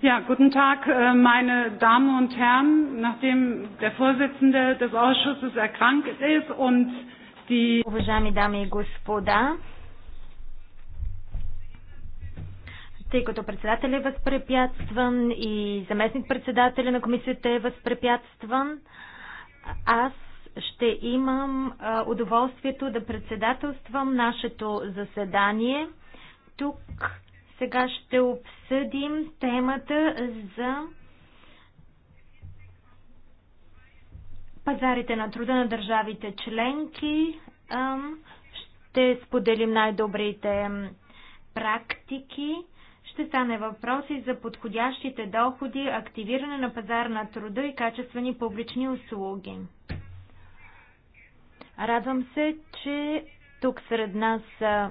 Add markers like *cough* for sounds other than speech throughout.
Ja, guten Tag, äh, meine Damen und Herren. Nachdem der Vorsitzende des Ausschusses erkrankt ist und die... Уважаеми дами и господа, тъй като председател е възпрепятстван и заместник председателя на комисията е възпрепятстван, аз ще имам удоволствието да председателствам нашето заседание. Тук сега ще обсъдим темата за пазарите на труда на държавите членки. Ще споделим най-добрите практики. Ще стане въпроси за подходящите доходи, активиране на пазар на труда и качествени публични услуги. Радвам се, че тук сред нас са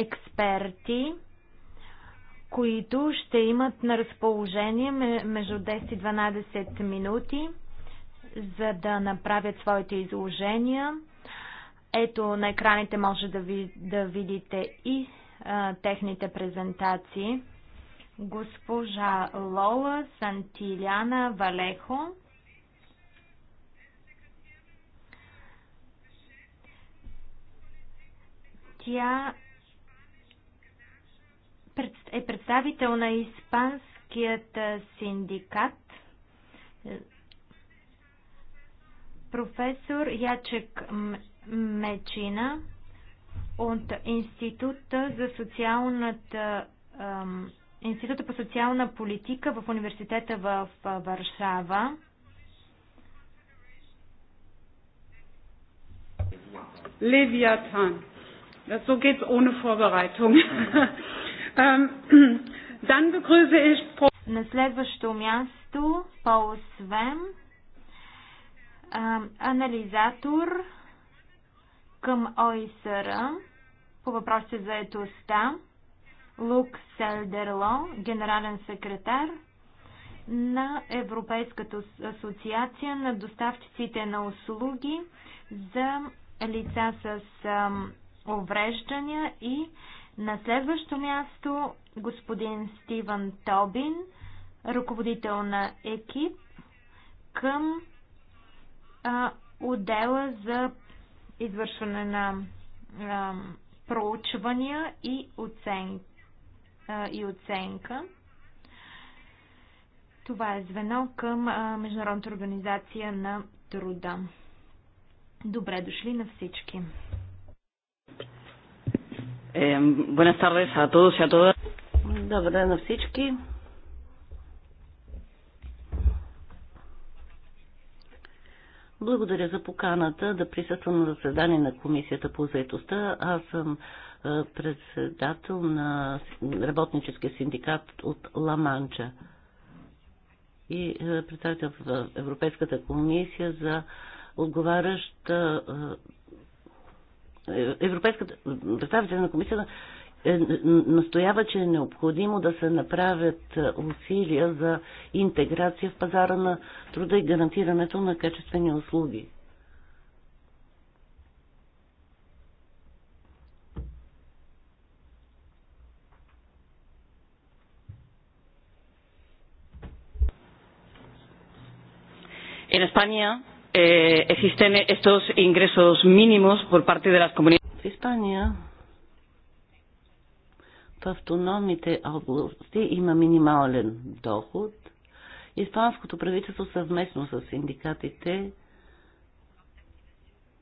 експерти, които ще имат на разположение между 10 и 12 минути, за да направят своите изложения. Ето на екраните може да, ви, да видите и а, техните презентации. Госпожа Лола Сантиляна Валехо. Тя е представител на Испанският синдикат. Професор Ячек Мечина от Института за социалната Института по социална политика в университета в Варшава. Левиатан. So geht's ohne Vorbereitung. *laughs* Ähm, *clears throat* на следващо място, по-освен анализатор към ОИСР по въпросите за етостта, Лук Селдерло, генерален секретар на Европейската асоциация на доставчиците на услуги за лица с увреждания и на следващо място господин Стивън Тобин, ръководител на екип към а, отдела за извършване на а, проучвания и, оцен, а, и оценка. Това е звено към а, Международната организация на труда. Добре дошли на всички! Buenas tardes a todos y a todas. Добре ден на всички. Благодаря за поканата да присъствам на заседание на Комисията по заедостта. Аз съм е, председател на работническия синдикат от Ла-Манча и е, представител в Европейската комисия за отговаряща е, Европейската представителна на комисията е, настоява, че е необходимо да се направят усилия за интеграция в пазара на труда и гарантирането на качествени услуги. In España eh, existen estos ingresos mínimos por parte de las comunidades. В Испания в автономните области има минимален доход. Испанското правителство съвместно с синдикатите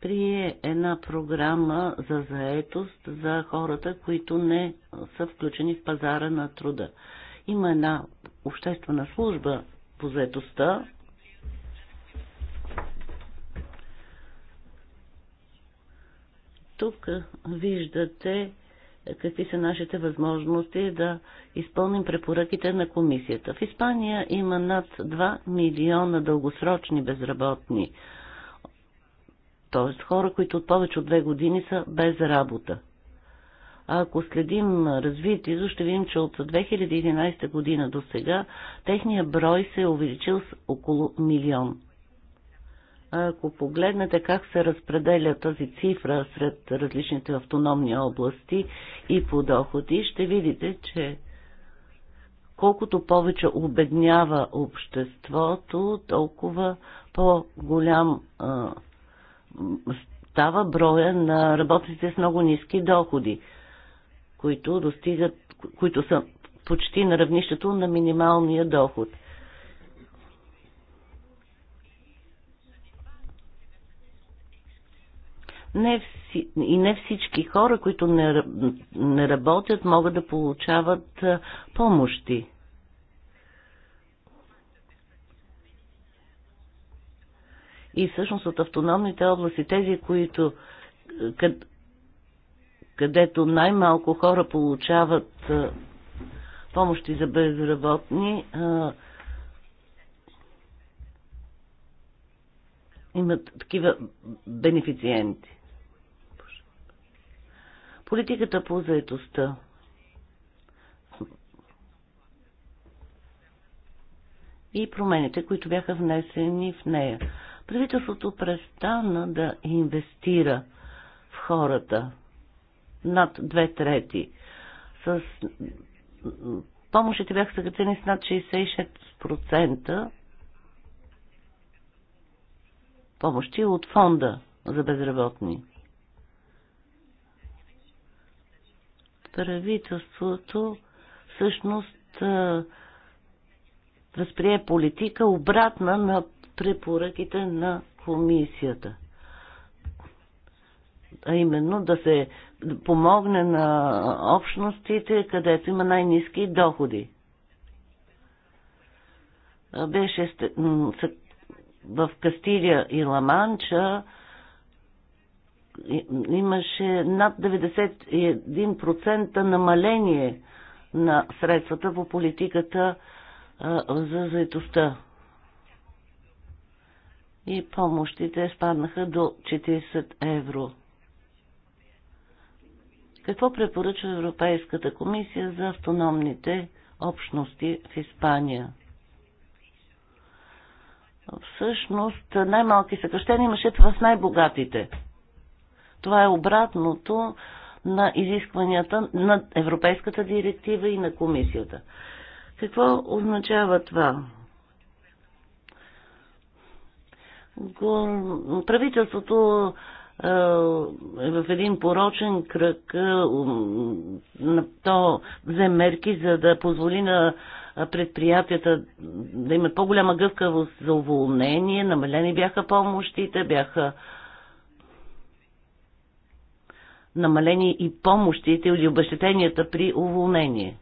прие една програма за заетост за хората, които не са включени в пазара на труда. Има една обществена служба по заетостта, Тук виждате какви са нашите възможности да изпълним препоръките на комисията. В Испания има над 2 милиона дългосрочни безработни, т.е. хора, които от повече от две години са без работа. А ако следим развитието, ще видим, че от 2011 година до сега техният брой се е увеличил с около милион. Ако погледнете как се разпределя тази цифра сред различните автономни области и по доходи, ще видите, че колкото повече обеднява обществото, толкова по-голям става броя на работниците с много ниски доходи, които достигат, които са почти на равнището на минималния доход – не вси, и не всички хора, които не, не работят, могат да получават помощи. И всъщност от автономните области, тези, които къд, където най-малко хора получават помощи за безработни, имат такива бенефициенти. Политиката по заедостта. И промените, които бяха внесени в нея. Правителството престана да инвестира в хората над две трети. С помощите бяха съкратени с над 66% помощи от фонда за безработни. правителството всъщност възприе политика обратна на препоръките на комисията. А именно да се помогне на общностите, където има най-низки доходи. Беше в Кастилия и Ламанча имаше над 91% намаление на средствата по политиката за заетостта. И помощите спаднаха до 40 евро. Какво препоръчва Европейската комисия за автономните общности в Испания? Всъщност най-малки съкръщения имаше в най-богатите това е обратното на изискванията на Европейската директива и на комисията. Какво означава това? Правителството е, е в един порочен кръг. Е, то взе мерки, за да позволи на предприятията да имат по-голяма гъвкавост за уволнение. Намалени бяха помощите, бяха Намаление и помощите или обещетенията при уволнение.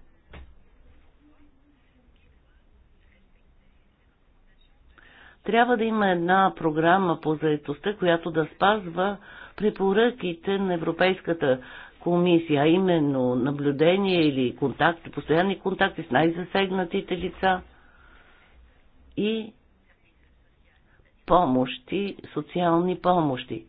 Трябва да има една програма по заедостта, която да спазва препоръките на Европейската комисия, а именно наблюдение или контакти, постоянни контакти с най-засегнатите лица и помощи, социални помощи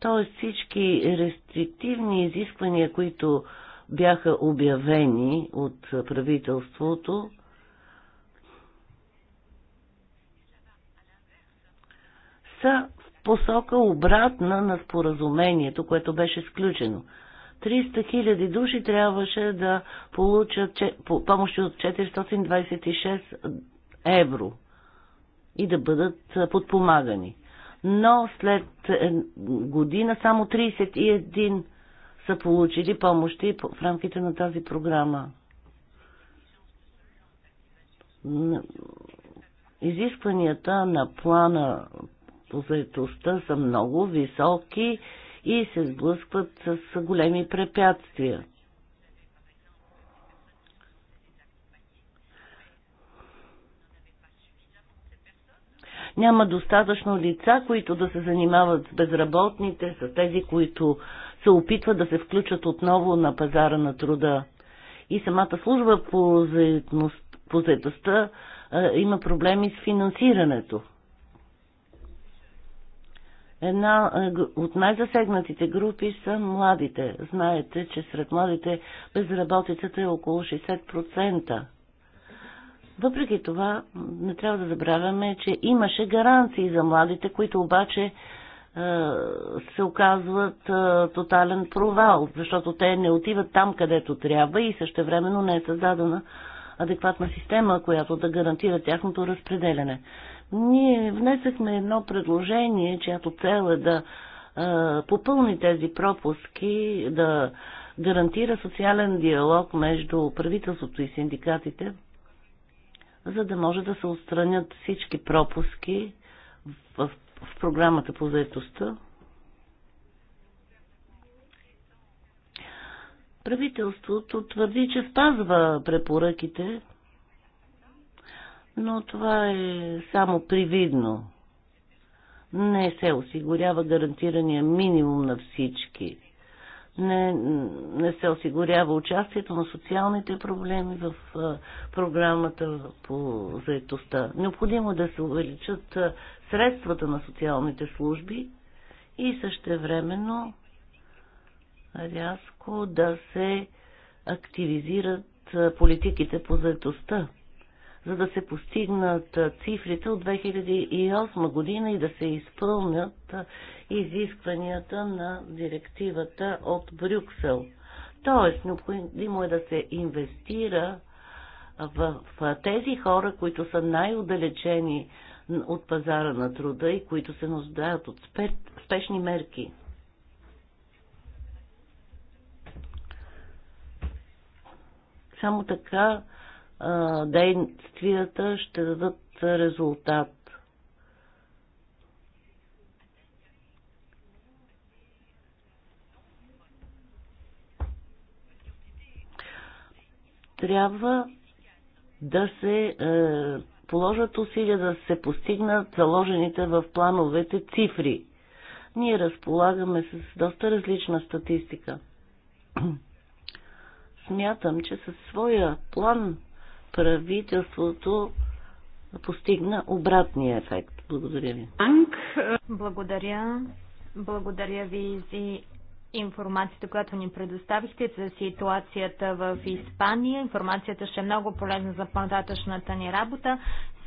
т.е. всички рестриктивни изисквания, които бяха обявени от правителството, са в посока обратна на споразумението, което беше сключено. 300 хиляди души трябваше да получат помощи от 426 евро и да бъдат подпомагани. Но след година само 31 са получили помощи в рамките на тази програма. Изискванията на плана по заедостта са много високи и се сблъскват с големи препятствия. няма достатъчно лица, които да се занимават с безработните, с тези, които се опитват да се включат отново на пазара на труда. И самата служба по, заедност, по заедостта има проблеми с финансирането. Една от най-засегнатите групи са младите. Знаете, че сред младите безработицата е около 60%. Въпреки това, не трябва да забравяме, че имаше гаранции за младите, които обаче е, се оказват е, тотален провал, защото те не отиват там, където трябва и същевременно не е създадена адекватна система, която да гарантира тяхното разпределяне. Ние внесахме едно предложение, чиято цел е да е, попълни тези пропуски, да гарантира социален диалог между правителството и синдикатите, за да може да се отстранят всички пропуски в, в програмата по заедостта. Правителството твърди, че спазва препоръките, но това е само привидно. Не се осигурява гарантирания минимум на всички не, не се осигурява участието на социалните проблеми в програмата по заедостта. Необходимо е да се увеличат средствата на социалните служби и същевременно рязко да се активизират политиките по заедостта за да се постигнат цифрите от 2008 година и да се изпълнят изискванията на директивата от Брюксел. Тоест, необходимо е да се инвестира в, тези хора, които са най-удалечени от пазара на труда и които се нуждаят от спешни мерки. Само така действията ще дадат резултат. Трябва да се е, положат усилия да се постигнат заложените в плановете цифри. Ние разполагаме с доста различна статистика. *clears throat* Смятам, че със своя план правителството постигна обратния ефект. Благодаря ви. Анг. благодаря. Благодаря ви за информацията, която ни предоставихте за ситуацията в Испания. Информацията ще е много полезна за по ни работа.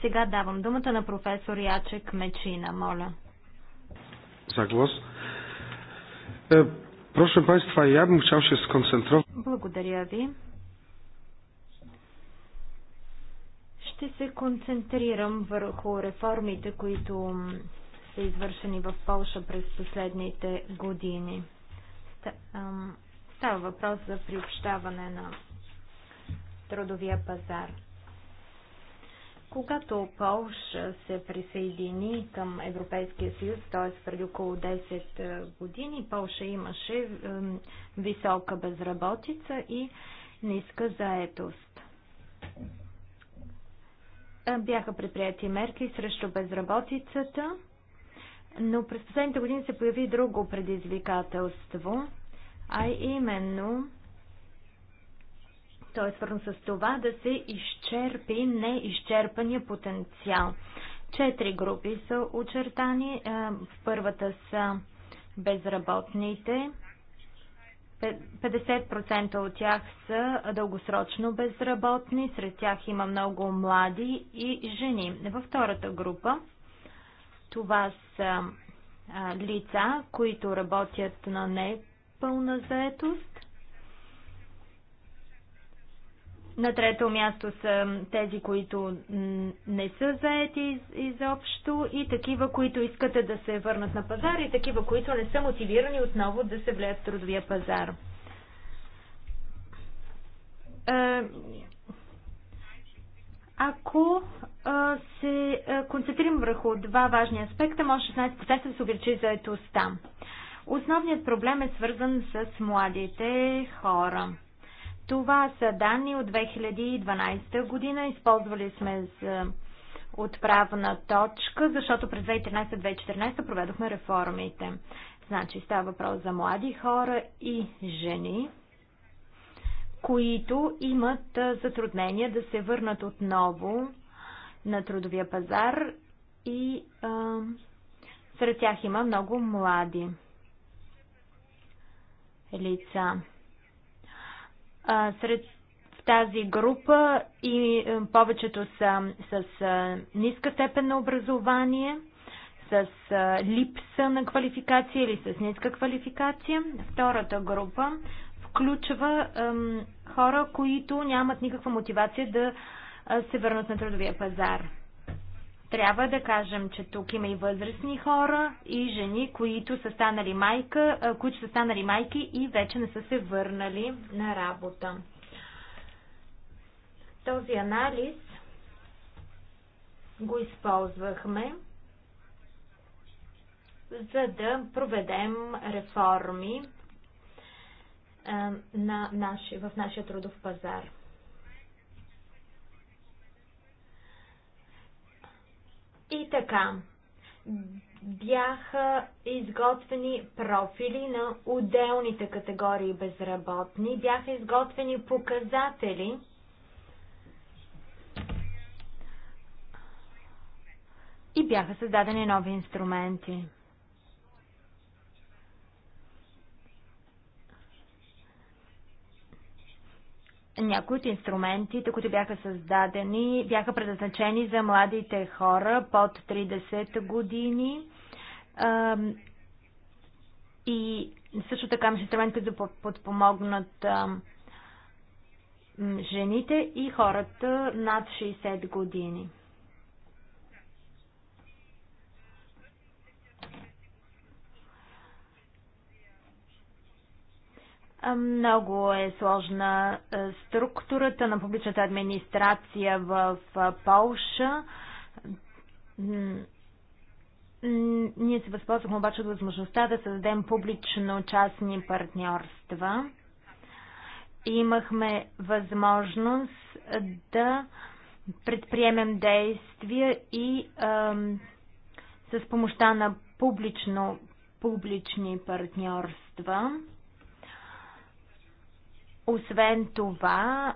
Сега давам думата на професор Ячек Мечина. Моля. Заглас. Е, прошу Państwa, ja bym chciał się skoncentrować. Благодаря ви. Ще се концентрирам върху реформите, които са извършени в Полша през последните години. Става въпрос за приобщаване на трудовия пазар. Когато Полша се присъедини към Европейския съюз, т.е. преди около 10 е, години, Полша имаше е, висока безработица и ниска заетост. Е, бяха предприяти мерки срещу безработицата, но през последните години се появи друго предизвикателство, а именно то е свързано с това да се изчерпи неизчерпания потенциал. Четири групи са очертани. В е, първата са безработните, 50% от тях са дългосрочно безработни, сред тях има много млади и жени. Във втората група това са лица, които работят на непълна заетост На трето място са тези, които не са заети изобщо и такива, които искат да се върнат на пазар и такива, които не са мотивирани отново да се влеят в трудовия пазар. Ако се концентрирам върху два важни аспекта, може 16% да се увеличи заетостта. Основният проблем е свързан с младите хора това са данни от 2012 година. Използвали сме за отправна точка, защото през 2013-2014 проведохме реформите. Значи става въпрос за млади хора и жени, които имат затруднения да се върнат отново на трудовия пазар и а, сред тях има много млади лица. А, сред в тази група и е, повечето са с а, ниска степен на образование, с а, липса на квалификация или с ниска квалификация. Втората група включва а, хора, които нямат никаква мотивация да се върнат на трудовия пазар. Трябва да кажем, че тук има и възрастни хора, и жени, които са станали, майка, които са станали майки и вече не са се върнали на работа. Този анализ го използвахме за да проведем реформи на наши, в нашия трудов пазар. И така, бяха изготвени профили на отделните категории безработни, бяха изготвени показатели, и бяха създадени нови инструменти. някои от инструментите, които бяха създадени, бяха предназначени за младите хора под 30 години. И също така имаше инструменти, които да подпомогнат жените и хората над 60 години. Много е сложна структурата на публичната администрация в Полша. Ние се възползвахме обаче от възможността да създадем публично-частни партньорства. Имахме възможност да предприемем действия и ам, с помощта на публично-публични партньорства. Освен това,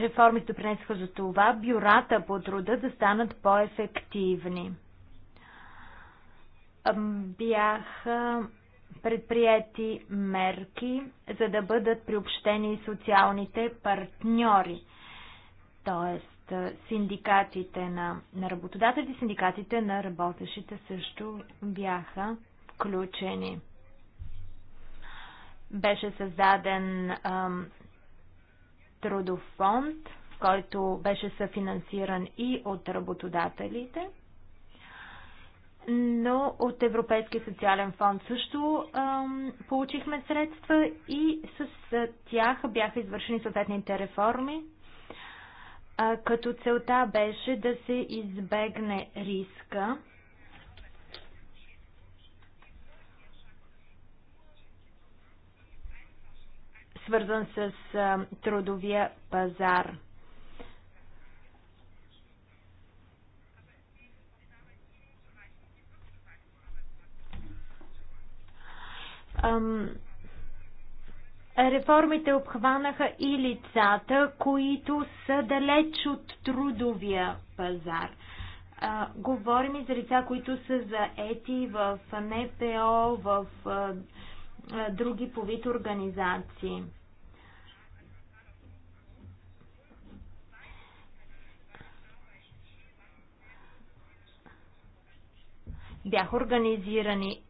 реформите допринесоха за това бюрата по труда да станат по-ефективни. Бяха предприяти мерки, за да бъдат приобщени и социалните партньори, т.е. синдикатите на, на работодателите, синдикатите на работещите също бяха включени. Беше създаден трудов фонд, който беше съфинансиран и от работодателите. Но от Европейския социален фонд също ам, получихме средства и с тях бяха извършени съответните реформи, а, като целта беше да се избегне риска свързан с трудовия пазар. Реформите обхванаха и лицата, които са далеч от трудовия пазар. Говорим и за лица, които са заети в НПО, в други по вид организации. Бяха организирани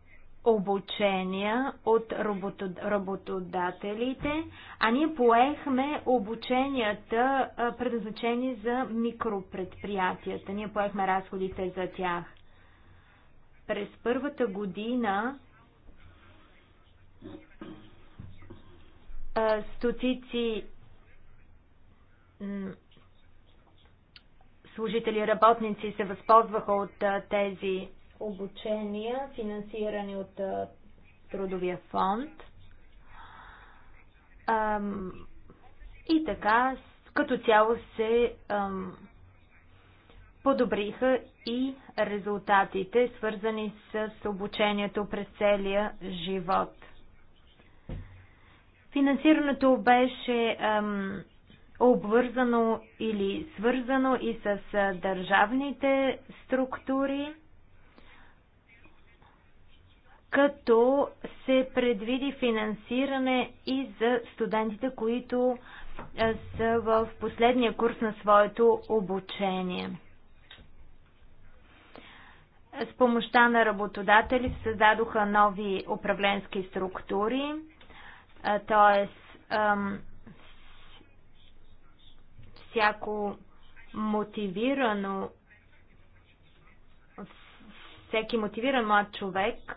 обучения от работодателите, а ние поехме обученията, предназначени за микропредприятията. Ние поехме разходите за тях. През първата година стотици служители, работници се възползваха от тези обучения, финансирани от трудовия фонд. И така, като цяло се подобриха и резултатите, свързани с обучението през целия живот. Финансирането беше ам, обвързано или свързано и с държавните структури, като се предвиди финансиране и за студентите, които са в последния курс на своето обучение. С помощта на работодатели създадоха нови управленски структури т.е. всяко мотивирано всеки мотивиран млад човек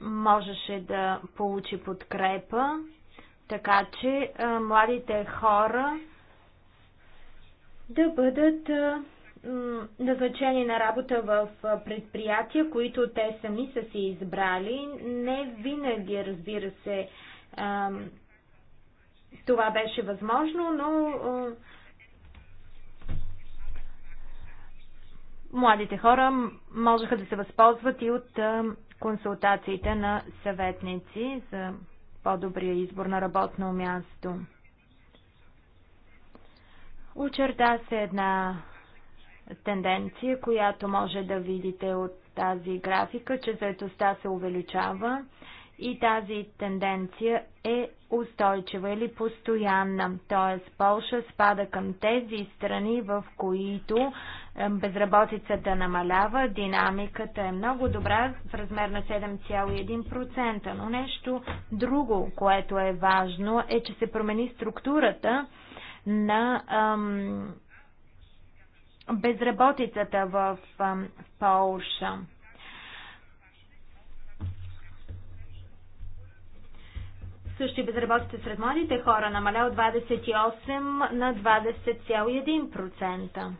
можеше да получи подкрепа, така че а, младите хора да бъдат назначени на работа в предприятия, които те сами са си избрали. Не винаги, разбира се, това беше възможно, но младите хора можеха да се възползват и от консултациите на съветници за по-добрия избор на работно място. Очерта се една тенденция, която може да видите от тази графика, че заедостта се увеличава и тази тенденция е устойчива или постоянна. Т.е. Полша спада към тези страни, в които е, безработицата намалява, динамиката е много добра в размер на 7,1%. Но нещо друго, което е важно, е, че се промени структурата на ам, безработицата в, ам, в Полша Също и безработица сред младите хора намаля от 28 на 20,1%.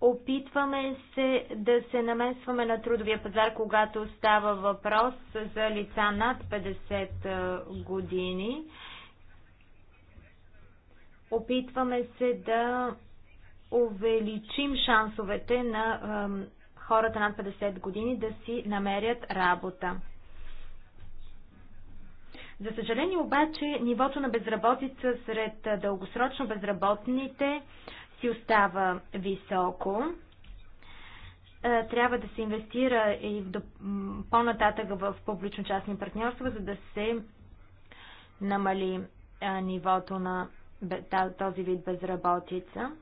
Опитваме се да се намесваме на трудовия пазар, когато става въпрос за лица над 50 години. Опитваме се да увеличим шансовете на хората над 50 години да си намерят работа. За съжаление обаче, нивото на безработица сред дългосрочно безработните си остава високо. Трябва да се инвестира и по-нататък в публично-частни партньорства, за да се намали нивото на този вид безработица.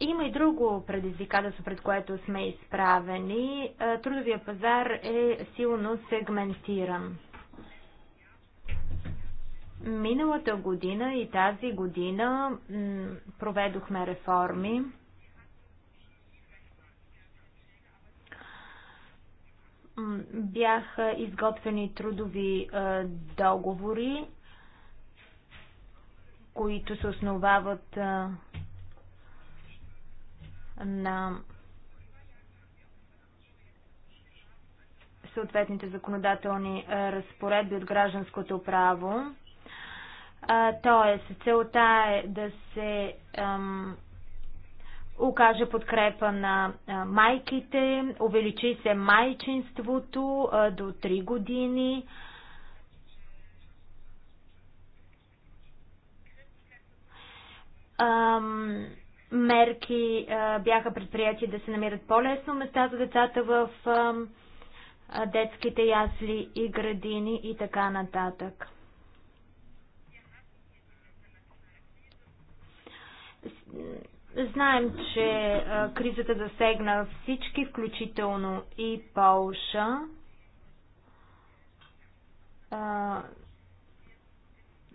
Има и друго предизвикателство, пред което сме изправени. Трудовия пазар е силно сегментиран. Миналата година и тази година проведохме реформи. Бяха изготвени трудови договори, които се основават на съответните законодателни разпоредби от гражданското право. Тоест, целта е да се ам, укаже подкрепа на а, майките, увеличи се майчинството а, до 3 години. Ам, мерки а, бяха предприяти да се намират по-лесно места за децата в а, детските ясли и градини и така нататък. Знаем, че кризата засегна всички, включително и Полша.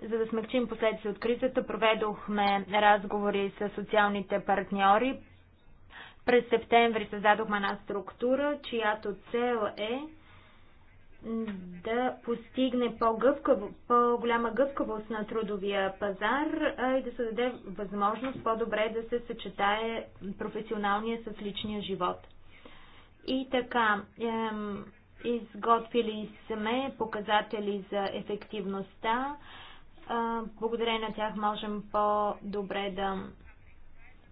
За да смягчим последствия от кризата, проведохме разговори с социалните партньори. През септември създадохме една структура, чиято цел е да постигне по-гъвкаво, по-голяма гъвкавост на трудовия пазар а, и да се даде възможност по-добре да се съчетае професионалния с личния живот. И така, ем, изготвили сме показатели за ефективността. благодарение на тях можем по-добре да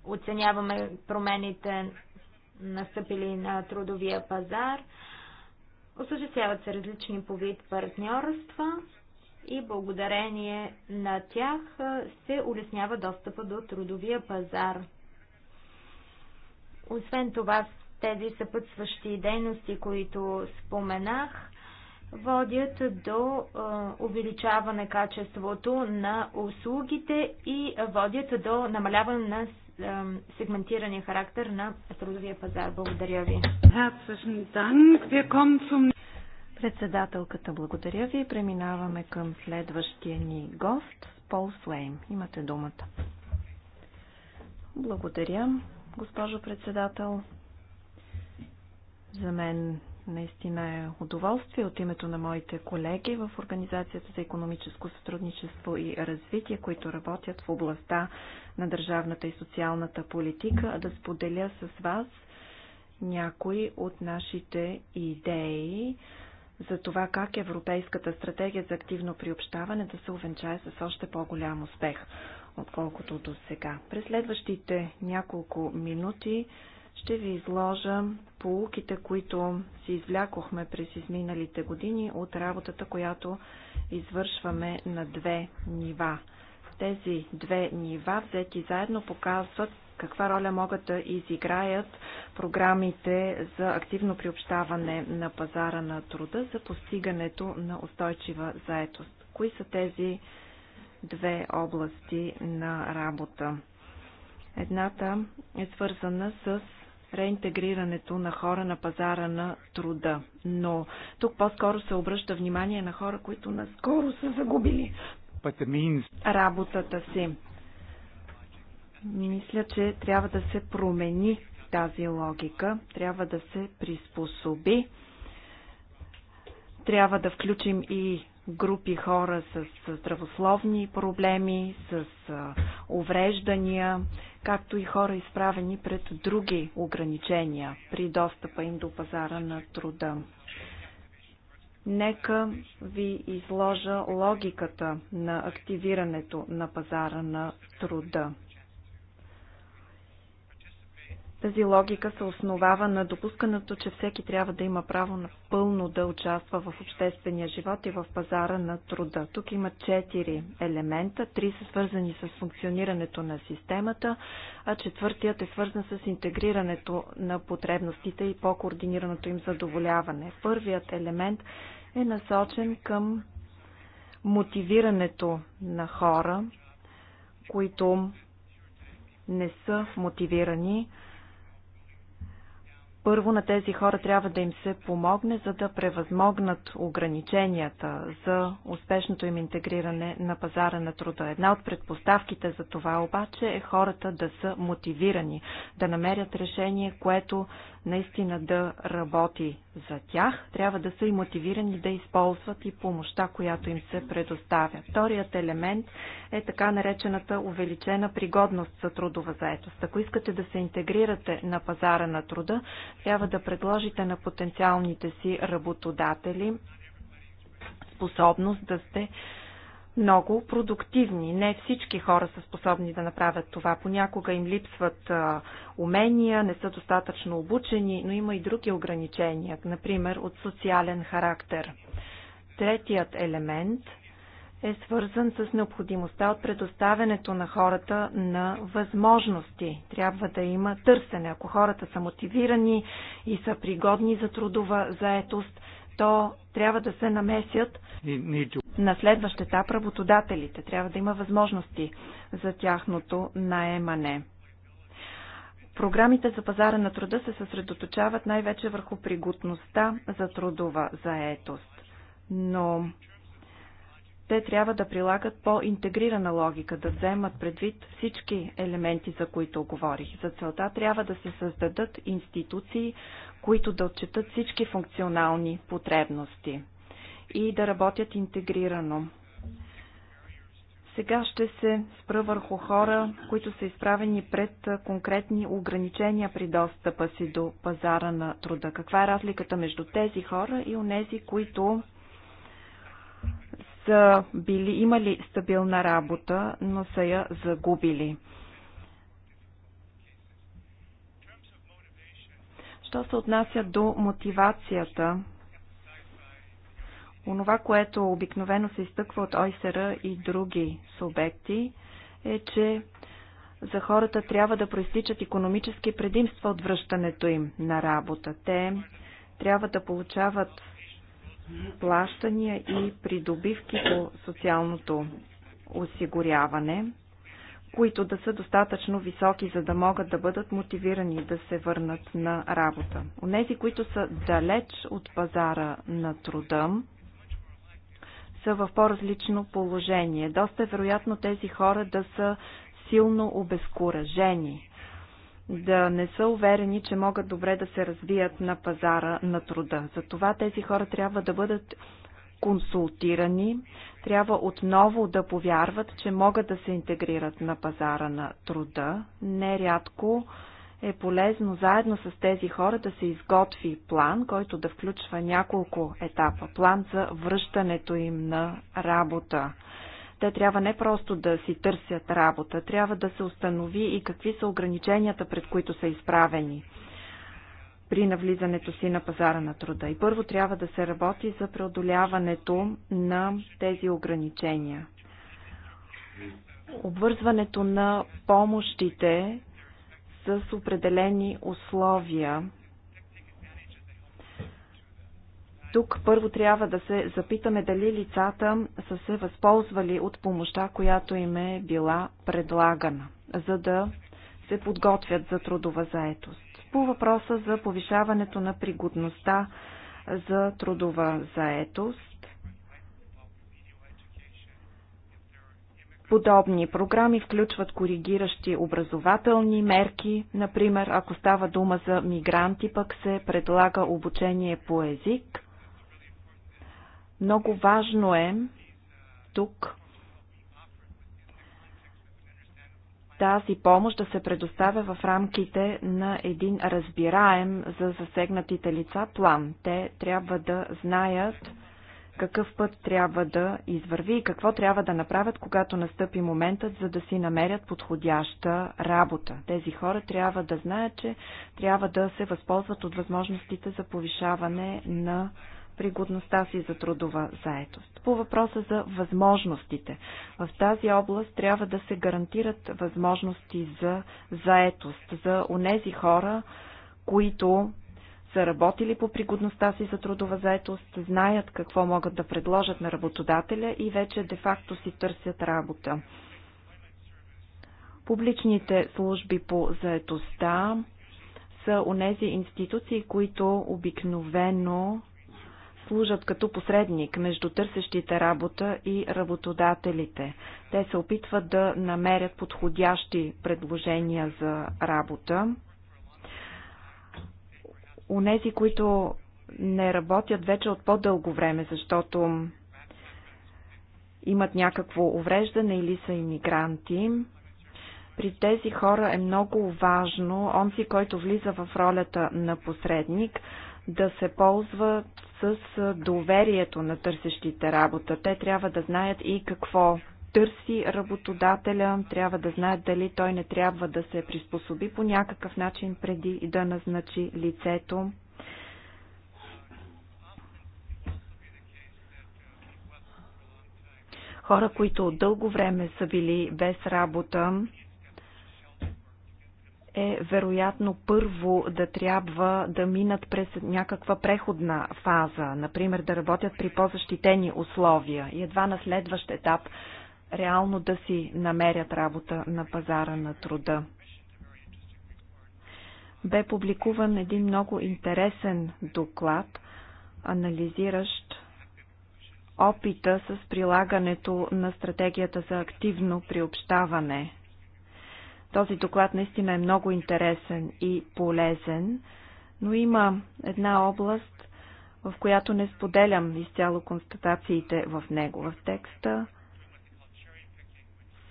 оценяваме промените настъпили на трудовия пазар. Осъществяват се различни по вид партньорства и благодарение на тях се улеснява достъпа до трудовия пазар. Освен това, тези съпътстващи дейности, които споменах, водят до увеличаване качеството на услугите и водят до намаляване на сегментирания характер на трудовия пазар. Благодаря ви. Председателката, благодаря ви. Преминаваме към следващия ни гост, Пол Слейм. Имате думата. Благодаря, госпожо председател. За мен Наистина е удоволствие от името на моите колеги в Организацията за економическо сътрудничество и развитие, които работят в областта на държавната и социалната политика, да споделя с вас някои от нашите идеи за това как Европейската стратегия за активно приобщаване да се увенчае с още по-голям успех, отколкото до сега. През следващите няколко минути ще ви изложа полуките, които си извлякохме през изминалите години от работата, която извършваме на две нива. Тези две нива, взети заедно, показват каква роля могат да изиграят програмите за активно приобщаване на пазара на труда за постигането на устойчива заетост. Кои са тези две области на работа? Едната е свързана с реинтегрирането на хора на пазара на труда. Но тук по-скоро се обръща внимание на хора, които наскоро са загубили работата си. Мисля, че трябва да се промени тази логика, трябва да се приспособи, трябва да включим и групи хора с здравословни проблеми, с увреждания, както и хора изправени пред други ограничения при достъпа им до пазара на труда. Нека ви изложа логиката на активирането на пазара на труда. Тази логика се основава на допускането, че всеки трябва да има право на пълно да участва в обществения живот и в пазара на труда. Тук има четири елемента. Три са свързани с функционирането на системата, а четвъртият е свързан с интегрирането на потребностите и по-координираното им задоволяване. Първият елемент е насочен към мотивирането на хора, които не са мотивирани първо на тези хора трябва да им се помогне, за да превъзмогнат ограниченията за успешното им интегриране на пазара на труда. Една от предпоставките за това обаче е хората да са мотивирани, да намерят решение, което наистина да работи за тях, трябва да са и мотивирани да използват и помощта, която им се предоставя. Вторият елемент е така наречената увеличена пригодност за трудова заетост. Ако искате да се интегрирате на пазара на труда, трябва да предложите на потенциалните си работодатели способност да сте много продуктивни. Не всички хора са способни да направят това. Понякога им липсват умения, не са достатъчно обучени, но има и други ограничения, например от социален характер. Третият елемент е свързан с необходимостта от предоставянето на хората на възможности. Трябва да има търсене. Ако хората са мотивирани и са пригодни за трудова заетост, то трябва да се намесят на следващ етап работодателите. Трябва да има възможности за тяхното наемане. Програмите за пазара на труда се съсредоточават най-вече върху пригодността за трудова заетост, но те трябва да прилагат по-интегрирана логика, да вземат предвид всички елементи, за които говорих. За целта трябва да се създадат институции, които да отчитат всички функционални потребности и да работят интегрирано. Сега ще се спра върху хора, които са изправени пред конкретни ограничения при достъпа си до пазара на труда. Каква е разликата между тези хора и онези, които са били, имали стабилна работа, но са я загубили? Що се отнася до мотивацията, онова, което обикновено се изтъква от ОИСР и други субекти, е, че за хората трябва да проистичат економически предимства от връщането им на работа. Те трябва да получават плащания и придобивки по социалното осигуряване които да са достатъчно високи, за да могат да бъдат мотивирани да се върнат на работа. Онези, които са далеч от пазара на труда, са в по-различно положение. Доста е вероятно тези хора да са силно обезкуражени, да не са уверени, че могат добре да се развият на пазара на труда. Затова тези хора трябва да бъдат консултирани, трябва отново да повярват, че могат да се интегрират на пазара на труда. Нерядко е полезно заедно с тези хора да се изготви план, който да включва няколко етапа. План за връщането им на работа. Те трябва не просто да си търсят работа, трябва да се установи и какви са ограниченията, пред които са изправени при навлизането си на пазара на труда. И първо трябва да се работи за преодоляването на тези ограничения. Обвързването на помощите с определени условия. Тук първо трябва да се запитаме дали лицата са се възползвали от помощта, която им е била предлагана, за да се подготвят за трудова заетост по въпроса за повишаването на пригодността за трудова заетост. Подобни програми включват коригиращи образователни мерки, например, ако става дума за мигранти, пък се предлага обучение по език. Много важно е тук тази помощ да се предоставя в рамките на един разбираем за засегнатите лица план. Те трябва да знаят какъв път трябва да извърви и какво трябва да направят, когато настъпи моментът, за да си намерят подходяща работа. Тези хора трябва да знаят, че трябва да се възползват от възможностите за повишаване на Пригодността си за трудова заетост. По въпроса за възможностите. В тази област трябва да се гарантират възможности за заетост, за онези хора, които са работили по пригодността си за трудова заетост, знаят какво могат да предложат на работодателя и вече де-факто си търсят работа. Публичните служби по заетостта са онези институции, които обикновено служат като посредник между търсещите работа и работодателите. Те се опитват да намерят подходящи предложения за работа. Унези, които не работят вече от по-дълго време, защото имат някакво увреждане или са иммигранти, при тези хора е много важно онзи, който влиза в ролята на посредник, да се ползва с доверието на търсещите работа. Те трябва да знаят и какво търси работодателя, трябва да знаят дали той не трябва да се приспособи по някакъв начин преди да назначи лицето. Хора, които от дълго време са били без работа, е вероятно първо да трябва да минат през някаква преходна фаза, например да работят при по-защитени условия и едва на следващ етап реално да си намерят работа на пазара на труда. Бе публикуван един много интересен доклад, анализиращ опита с прилагането на стратегията за активно приобщаване този доклад наистина е много интересен и полезен, но има една област, в която не споделям изцяло констатациите в него. В текста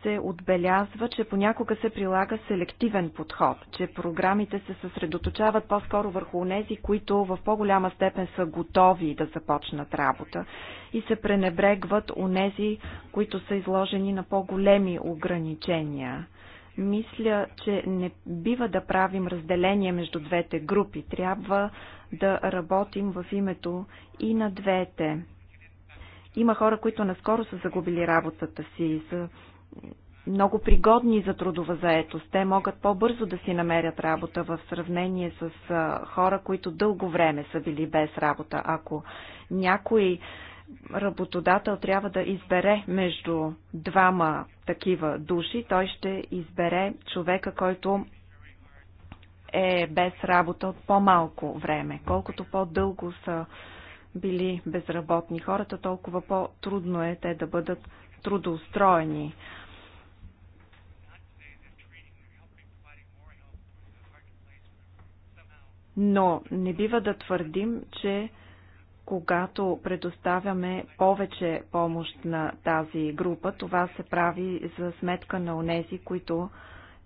се отбелязва, че понякога се прилага селективен подход, че програмите се съсредоточават по-скоро върху тези, които в по-голяма степен са готови да започнат работа и се пренебрегват онези, които са изложени на по-големи ограничения. Мисля, че не бива да правим разделение между двете групи. Трябва да работим в името и на двете. Има хора, които наскоро са загубили работата си, са много пригодни за трудова заетост. Те могат по-бързо да си намерят работа в сравнение с хора, които дълго време са били без работа. Ако някой работодател трябва да избере между двама такива души, той ще избере човека, който е без работа от по-малко време. Колкото по-дълго са били безработни хората, толкова по-трудно е те да бъдат трудоустроени. Но не бива да твърдим, че когато предоставяме повече помощ на тази група, това се прави за сметка на онези, които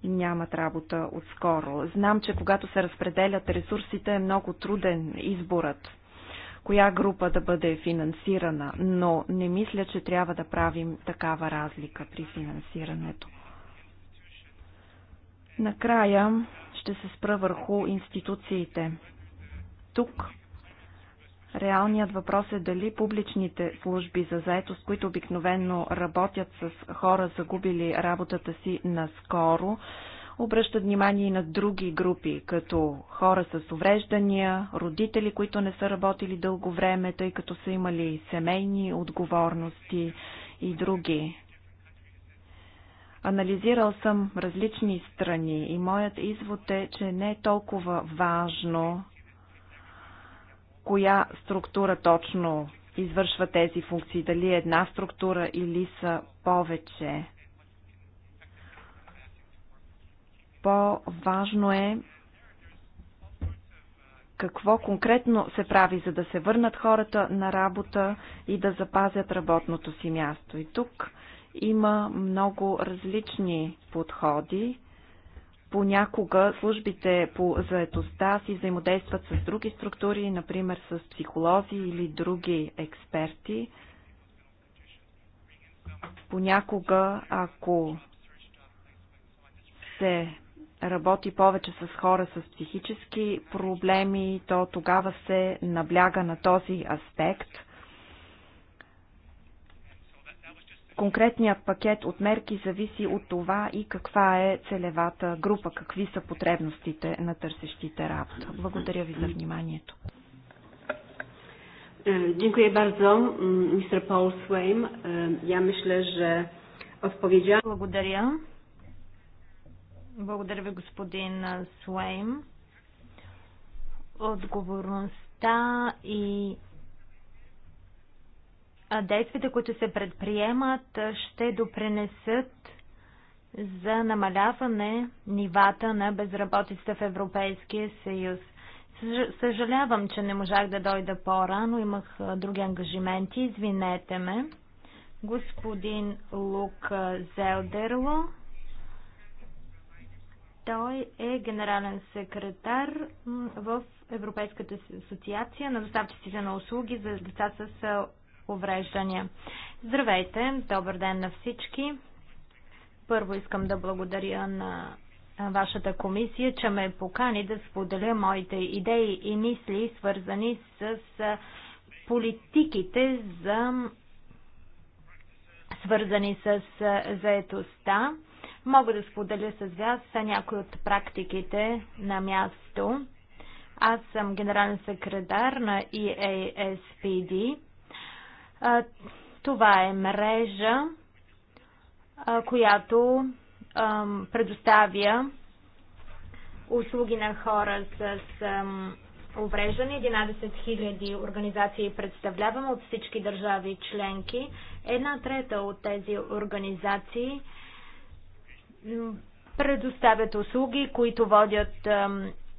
нямат работа отскоро. Знам, че когато се разпределят ресурсите е много труден изборът коя група да бъде финансирана, но не мисля, че трябва да правим такава разлика при финансирането. Накрая ще се спра върху институциите. Тук Реалният въпрос е дали публичните служби за заетост, които обикновенно работят с хора, загубили работата си наскоро, обръщат внимание и на други групи, като хора с увреждания, родители, които не са работили дълго време, тъй като са имали семейни отговорности и други. Анализирал съм различни страни и моят извод е, че не е толкова важно коя структура точно извършва тези функции, дали е една структура или са повече. По-важно е какво конкретно се прави, за да се върнат хората на работа и да запазят работното си място. И тук има много различни подходи. Понякога службите по заетостта си взаимодействат с други структури, например с психолози или други експерти. Понякога, ако се работи повече с хора с психически проблеми, то тогава се набляга на този аспект – конкретният пакет от мерки зависи от това и каква е целевата група, какви са потребностите на търсещите работа. Благодаря ви за вниманието. Dziękuję bardzo, Mr. Paul Swaim. Ja myślę, że odpowiedziałem. Благодаря. Благодаря ви, господин Суейм. Отговорността и действията, които се предприемат, ще допренесат за намаляване нивата на безработицата в Европейския съюз. Съжалявам, че не можах да дойда по-рано, имах други ангажименти, извинете ме. Господин Лук Зелдерло, той е генерален секретар в Европейската асоциация на доставчиците на услуги за деца с увреждания. Здравейте, добър ден на всички. Първо искам да благодаря на вашата комисия, че ме покани да споделя моите идеи и мисли, свързани с политиките за свързани с заетостта. Мога да споделя с вас някои от практиките на място. Аз съм генерален секретар на EASPD. Това е мрежа, която предоставя услуги на хора с увреждане. 11 000 организации представляваме от всички държави членки. Една трета от тези организации предоставят услуги, които водят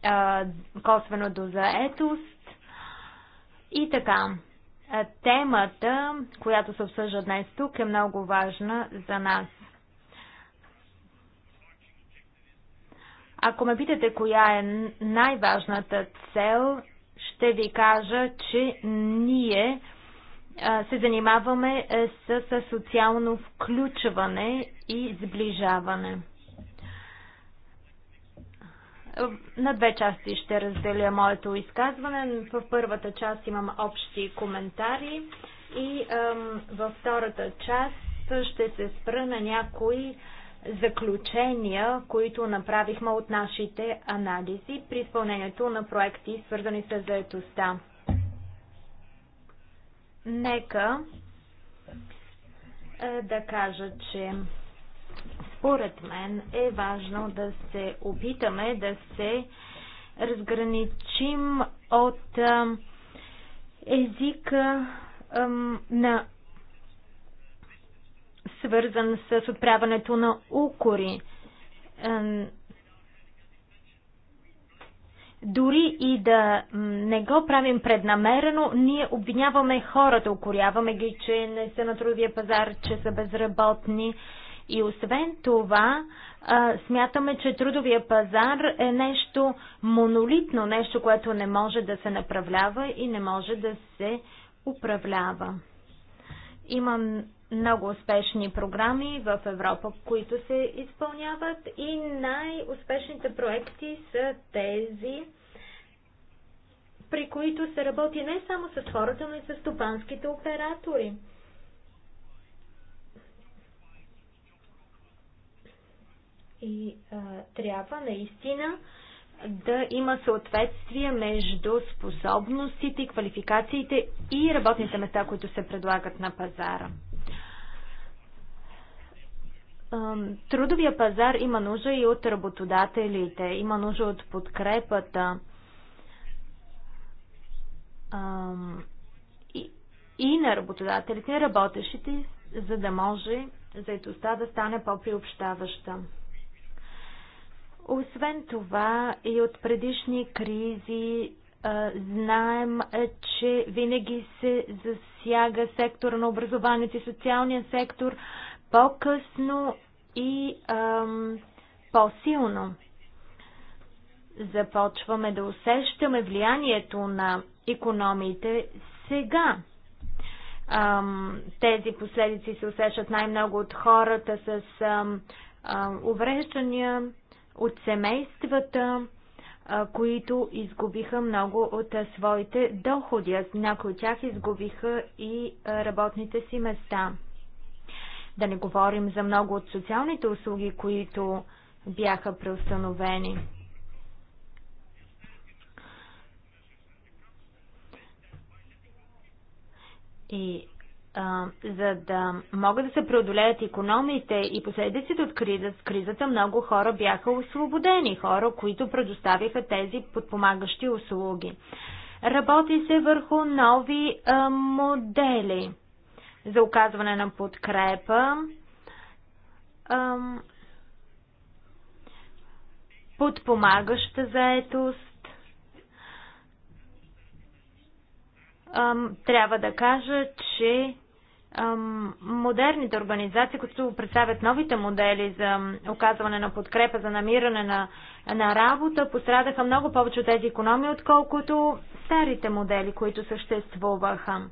а, косвено до заетост и така. Е, темата, която се обсъжда днес тук, е много важна за нас. Ако ме питате коя е най-важната цел, ще ви кажа, че ние е, се занимаваме е, с социално включване и сближаване. Е, на две части ще разделя моето изказване. В първата част имам общи коментари и във втората част ще се спра на някои заключения, които направихме от нашите анализи при изпълнението на проекти, свързани с заетостта. Нека е, да кажа, че според мен е важно да се опитаме да се разграничим от езика на свързан с отправянето на укори. Дори и да не го правим преднамерено, ние обвиняваме хората, укоряваме ги, че не са на трудовия пазар, че са безработни. И освен това, а, смятаме, че трудовия пазар е нещо монолитно, нещо, което не може да се направлява и не може да се управлява. Има много успешни програми в Европа, които се изпълняват и най-успешните проекти са тези, при които се работи не само с хората, но и с стопанските оператори. И а, трябва наистина да има съответствие между способностите, квалификациите и работните места, които се предлагат на пазара. Трудовия пазар има нужда и от работодателите, има нужда от подкрепата и на работодателите, работещите, за да може заедостта да стане по-приобщаваща. Освен това и от предишни кризи знаем, че винаги се засяга сектора на образованието и социалния сектор по-късно и по-силно. Започваме да усещаме влиянието на економиите сега. Ам, тези последици се усещат най-много от хората с ам, ам, увреждания, от семействата, които изгубиха много от своите доходи. Някои от тях изгубиха и работните си места. Да не говорим за много от социалните услуги, които бяха преустановени. И за да могат да се преодолеят економите и последиците от кризата, много хора бяха освободени, хора, които предоставяха тези подпомагащи услуги. Работи се върху нови а, модели за оказване на подкрепа. А, подпомагаща заетост, трябва да кажа, че модерните организации, които представят новите модели за оказване на подкрепа, за намиране на, на работа, пострадаха много повече от тези економии, отколкото старите модели, които съществуваха.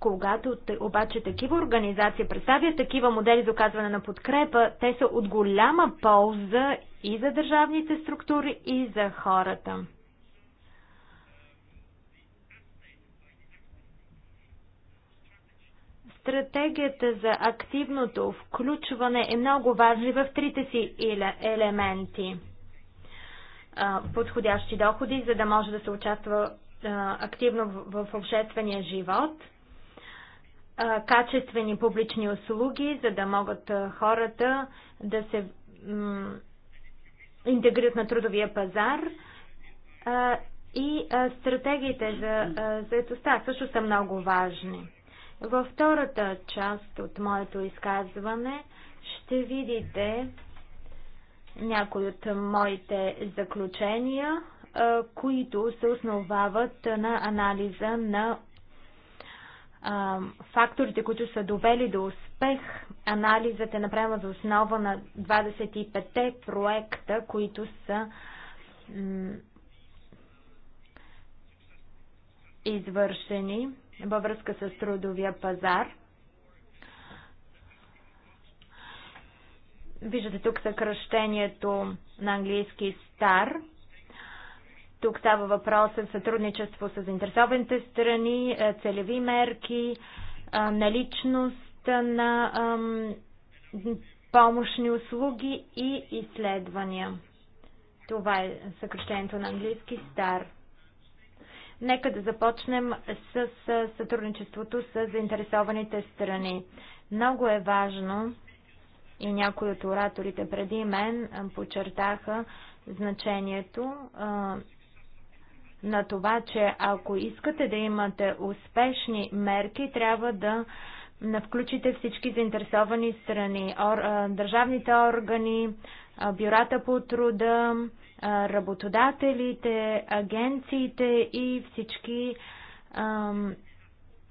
Когато обаче такива организации представят такива модели за оказване на подкрепа, те са от голяма полза и за държавните структури, и за хората. Стратегията за активното включване е много важна в трите си елементи. Подходящи доходи, за да може да се участва активно в обществения живот. Качествени публични услуги, за да могат хората да се интегрират на трудовия пазар и стратегиите за заедостта също са много важни. Във втората част от моето изказване ще видите някои от моите заключения, които се основават на анализа на факторите, които са довели до успех. Анализът е направен за основа на 25-те проекта, които са извършени във връзка с трудовия пазар. Виждате тук съкръщението на английски стар. Тук става въпрос за сътрудничество с заинтересованите страни, е, целеви мерки, е, наличност на помощни услуги и изследвания. Това е съкръщението на английски стар. Нека да започнем с сътрудничеството с заинтересованите страни. Много е важно и някои от ораторите преди мен подчертаха значението на това, че ако искате да имате успешни мерки, трябва да включите всички заинтересовани страни, държавните органи, бюрата по труда, работодателите, агенциите и всички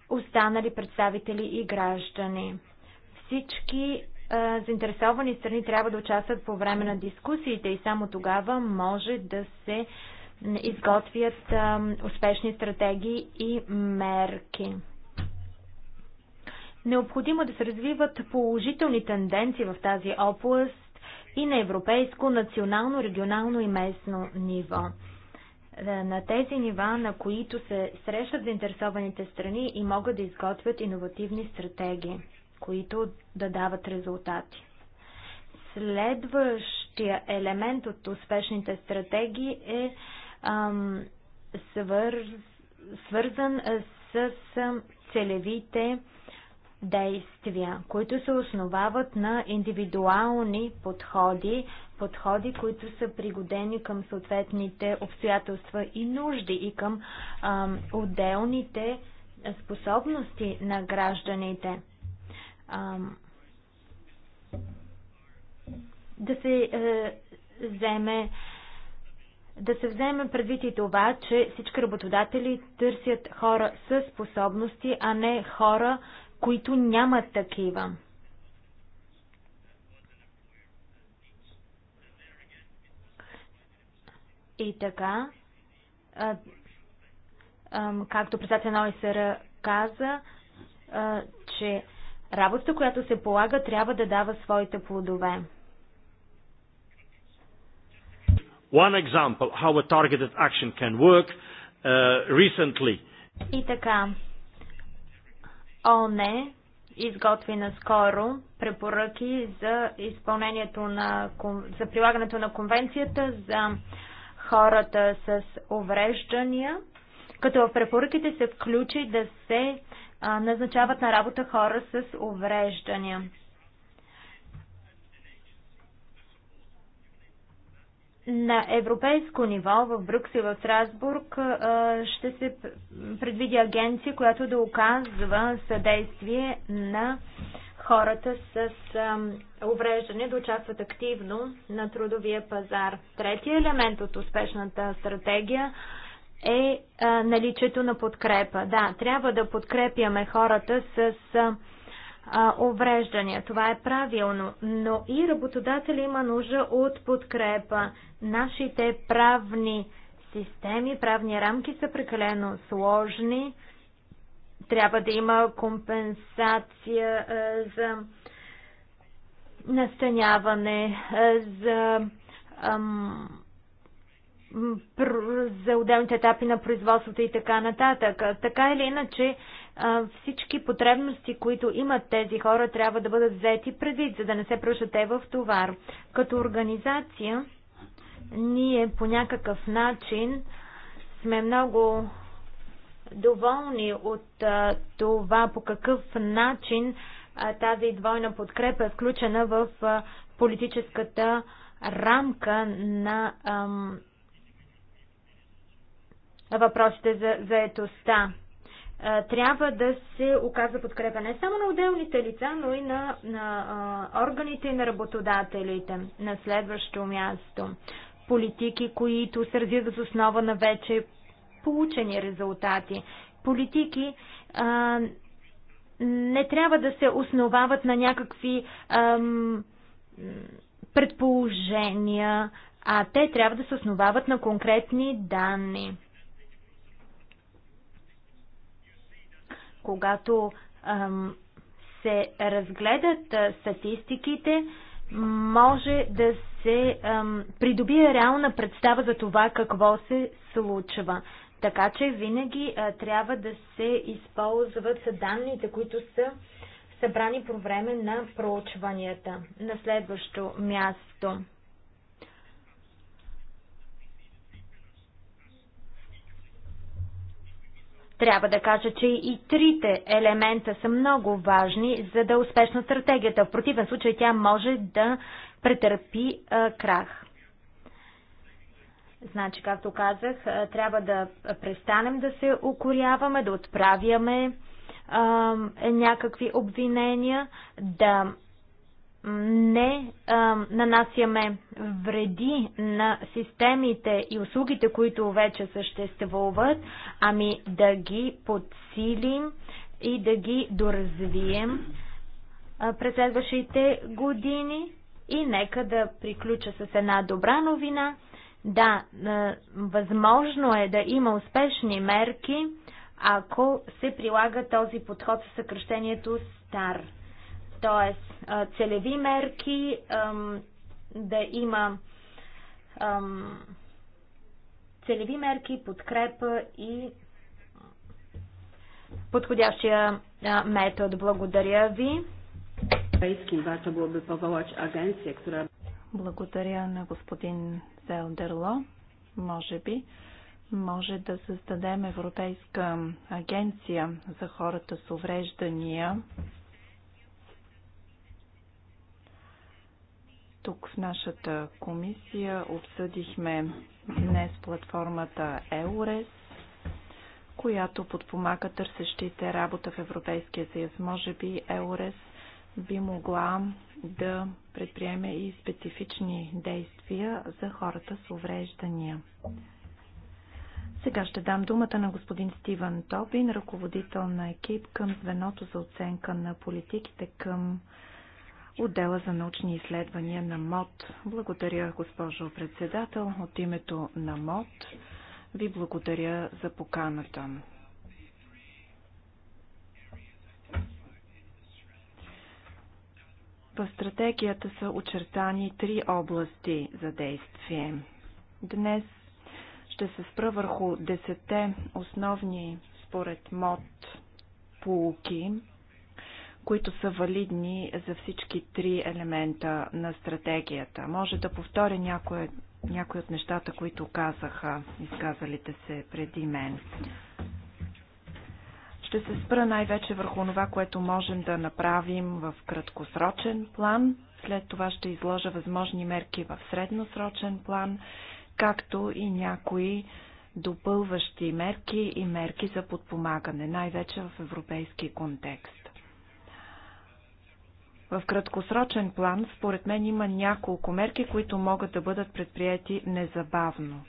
останали представители и граждани. Всички заинтересовани страни трябва да участват по време на дискусиите и само тогава може да се изготвят успешни стратегии и мерки. Необходимо да се развиват положителни тенденции в тази област и на европейско, национално, регионално и местно ниво. Е, на тези нива, на които се срещат заинтересованите страни и могат да изготвят иновативни стратегии, които да дават резултати. Следващия елемент от успешните стратегии е ам, свърз, свързан е, с целевите действия, които се основават на индивидуални подходи, подходи, които са пригодени към съответните обстоятелства и нужди и към а, отделните способности на гражданите. А, да се а, е, вземе да се вземе предвид и това, че всички работодатели търсят хора с способности, а не хора които нямат такива. И така, а, а, както председател на ОСР каза, а, че работата, която се полага, трябва да дава своите плодове. One example how a targeted action can work uh, recently. И така, ООН изготви наскоро препоръки за изпълнението на, за прилагането на конвенцията за хората с увреждания, като в препоръките се включи да се назначават на работа хора с увреждания. На европейско ниво в Брюксел в Страсбург ще се предвиди агенция, която да оказва съдействие на хората с увреждане да участват активно на трудовия пазар. Третия елемент от успешната стратегия е наличието на подкрепа. Да, трябва да подкрепяме хората с а, увреждания. Това е правилно, но и работодател има нужда от подкрепа. Нашите правни системи, правни рамки са прекалено сложни. Трябва да има компенсация а, за настаняване, а, за ам, за отделните етапи на производството и така нататък. Така или иначе, всички потребности, които имат тези хора, трябва да бъдат взети предвид, за да не се превръщате в товар. Като организация, ние по някакъв начин сме много доволни от а, това по какъв начин а, тази двойна подкрепа е включена в а, политическата рамка на ам, въпросите за заетостта трябва да се оказва подкрепа не само на отделните лица, но и на, на а, органите и на работодателите. На следващо място политики, които се развиват с основа на вече получени резултати. Политики а, не трябва да се основават на някакви ам, предположения, а те трябва да се основават на конкретни данни. Когато ам, се разгледат а, статистиките, може да се ам, придобие реална представа за това какво се случва. Така че винаги а, трябва да се използват данните, които са събрани по време на проучванията. На следващо място Трябва да кажа, че и трите елемента са много важни, за да е успешна стратегията. В противен случай тя може да претърпи а, крах. Значи, както казах, трябва да престанем да се укоряваме, да отправяме а, някакви обвинения, да не а, нанасяме вреди на системите и услугите, които вече съществуват, ами да ги подсилим и да ги доразвием а, през следващите години. И нека да приключа с една добра новина. Да, а, възможно е да има успешни мерки, ако се прилага този подход с съкръщението СТАР т.е. целеви мерки, да има целеви мерки, подкрепа и подходящия метод. Благодаря ви. Благодаря на господин Зелдерло. Може би може да създадем Европейска агенция за хората с увреждания, Тук в нашата комисия обсъдихме днес платформата EURES, която подпомага търсещите работа в Европейския съюз. Може би EURES би могла да предприеме и специфични действия за хората с увреждания. Сега ще дам думата на господин Стивън Тобин, ръководител на екип към звеното за оценка на политиките към отдела за научни изследвания на МОД. Благодаря, госпожо председател. От името на МОД ви благодаря за поканата. В стратегията са очертани три области за действие. Днес ще се спра върху десете основни, според МОД, полуки, които са валидни за всички три елемента на стратегията. Може да повторя някои, някои от нещата, които казаха изказалите се преди мен. Ще се спра най-вече върху това, което можем да направим в краткосрочен план. След това ще изложа възможни мерки в средносрочен план, както и някои допълващи мерки и мерки за подпомагане, най-вече в европейски контекст. В краткосрочен план, според мен, има няколко мерки, които могат да бъдат предприяти незабавно.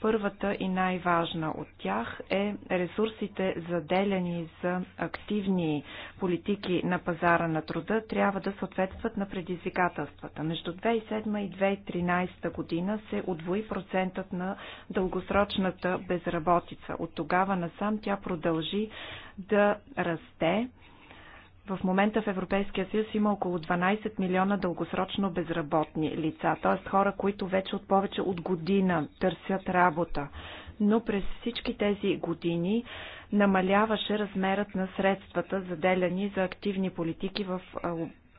Първата и най-важна от тях е ресурсите заделяни за активни политики на пазара на труда трябва да съответстват на предизвикателствата. Между 2007 и 2013 година се отвои процентът на дългосрочната безработица. От тогава насам тя продължи да расте в момента в Европейския съюз има около 12 милиона дългосрочно безработни лица, т.е. хора, които вече от повече от година търсят работа. Но през всички тези години намаляваше размерът на средствата, заделяни за активни политики в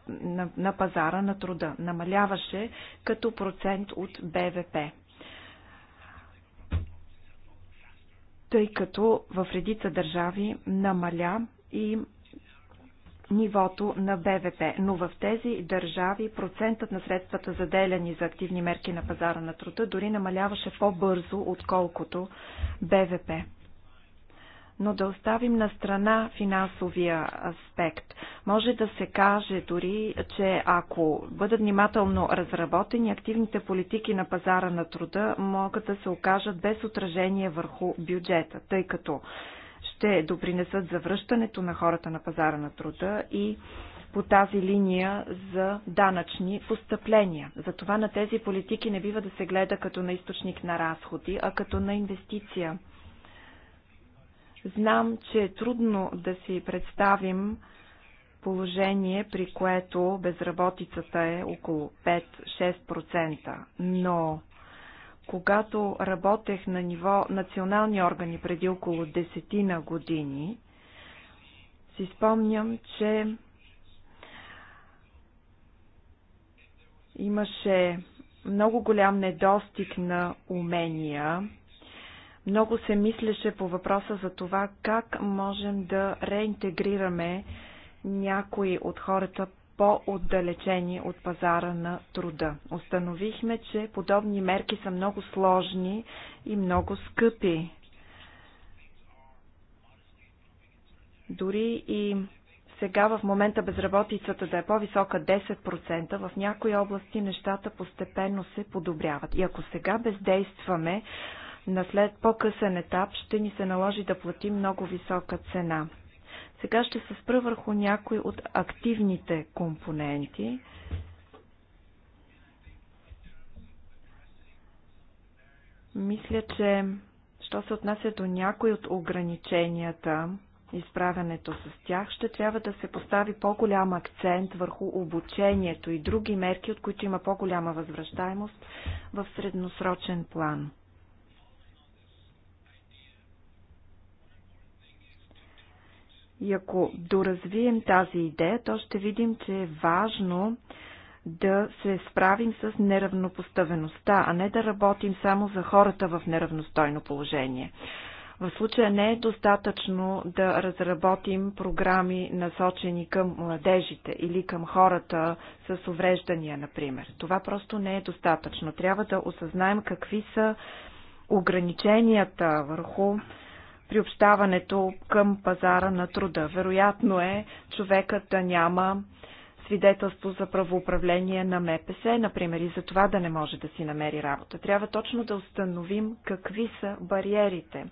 на, на пазара на труда. Намаляваше като процент от БВП. Тъй като в редица държави намаля и нивото на БВП, но в тези държави процентът на средствата заделяни за активни мерки на пазара на труда дори намаляваше по-бързо, отколкото БВП. Но да оставим на страна финансовия аспект. Може да се каже дори, че ако бъдат внимателно разработени, активните политики на пазара на труда могат да се окажат без отражение върху бюджета, тъй като ще допринесат за връщането на хората на пазара на труда и по тази линия за данъчни постъпления. Затова на тези политики не бива да се гледа като на източник на разходи, а като на инвестиция. Знам, че е трудно да си представим положение, при което безработицата е около 5-6%, но когато работех на ниво национални органи преди около десетина години, си спомням, че имаше много голям недостиг на умения. Много се мислеше по въпроса за това как можем да реинтегрираме някои от хората по-отдалечени от пазара на труда. Установихме, че подобни мерки са много сложни и много скъпи. Дори и сега в момента безработицата да е по-висока 10%, в някои области нещата постепенно се подобряват. И ако сега бездействаме, на след по-късен етап ще ни се наложи да платим много висока цена. Сега ще се спра върху някои от активните компоненти. Мисля, че що се отнася до някои от ограниченията, изправянето с тях, ще трябва да се постави по-голям акцент върху обучението и други мерки, от които има по-голяма възвръщаемост в средносрочен план. И ако доразвием тази идея, то ще видим, че е важно да се справим с неравнопоставеността, а не да работим само за хората в неравностойно положение. В случая не е достатъчно да разработим програми насочени към младежите или към хората с увреждания, например. Това просто не е достатъчно. Трябва да осъзнаем какви са ограниченията върху приобщаването към пазара на труда. Вероятно е човекът да няма свидетелство за правоуправление на МПС, например, и за това да не може да си намери работа. Трябва точно да установим какви са бариерите.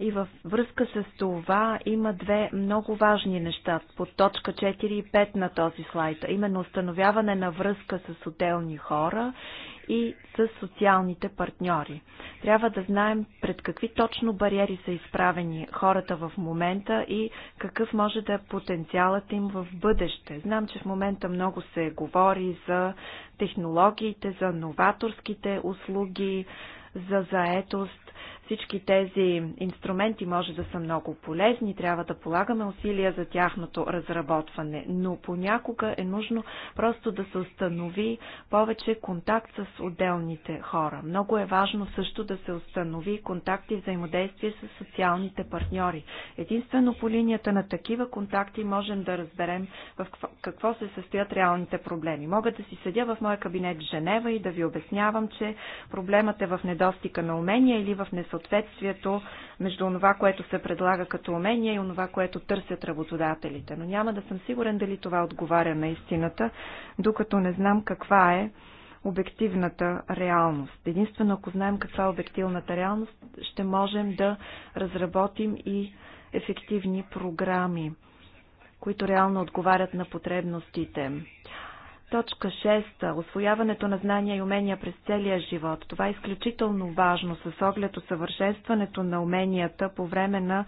И във връзка с това има две много важни неща по точка 4 и 5 на този слайд, именно установяване на връзка с отделни хора и с социалните партньори. Трябва да знаем пред какви точно бариери са изправени хората в момента и какъв може да е потенциалът им в бъдеще. Знам, че в момента много се говори за технологиите, за новаторските услуги, за заетост. Всички тези инструменти може да са много полезни, трябва да полагаме усилия за тяхното разработване, но понякога е нужно просто да се установи повече контакт с отделните хора. Много е важно също да се установи контакти и взаимодействие с социалните партньори. Единствено по линията на такива контакти можем да разберем в какво се състоят реалните проблеми. Мога да си седя в моя кабинет в Женева и да ви обяснявам, че проблемът е в недостига на умения или в несъответствие съответствието между това, което се предлага като умение и това, което търсят работодателите. Но няма да съм сигурен дали това отговаря на истината, докато не знам каква е обективната реалност. Единствено, ако знаем каква е обективната реалност, ще можем да разработим и ефективни програми, които реално отговарят на потребностите. Точка 6. Освояването на знания и умения през целия живот. Това е изключително важно с оглед усъвършенстването на уменията по време на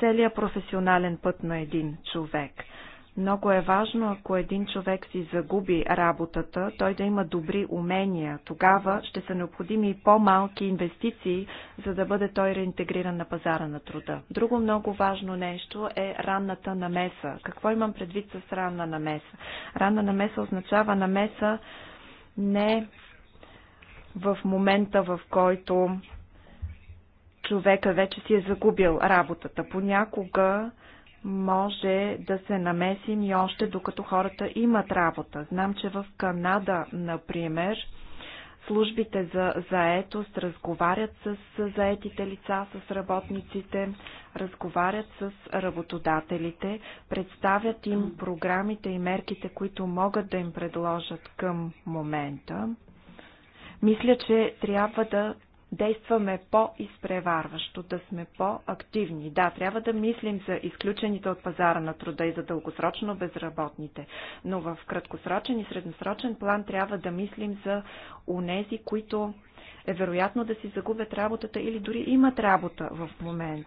целия професионален път на един човек. Много е важно, ако един човек си загуби работата, той да има добри умения. Тогава ще са необходими и по-малки инвестиции, за да бъде той реинтегриран на пазара на труда. Друго много важно нещо е ранната намеса. Какво имам предвид с ранна намеса? Ранна намеса означава намеса не в момента, в който човека вече си е загубил работата. Понякога може да се намесим и още докато хората имат работа. Знам, че в Канада, например, службите за заетост разговарят с заетите лица, с работниците, разговарят с работодателите, представят им програмите и мерките, които могат да им предложат към момента. Мисля, че трябва да действаме по-изпреварващо, да сме по-активни. Да, трябва да мислим за изключените от пазара на труда и за дългосрочно безработните, но в краткосрочен и средносрочен план трябва да мислим за унези, които е вероятно да си загубят работата или дори имат работа в момент.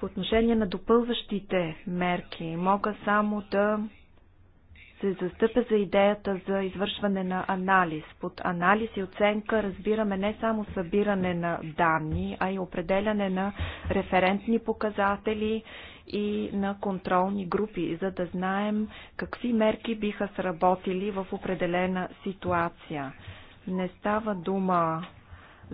По отношение на допълващите мерки, мога само да се застъпя за идеята за извършване на анализ. Под анализ и оценка разбираме не само събиране на данни, а и определяне на референтни показатели и на контролни групи, за да знаем какви мерки биха сработили в определена ситуация. Не става дума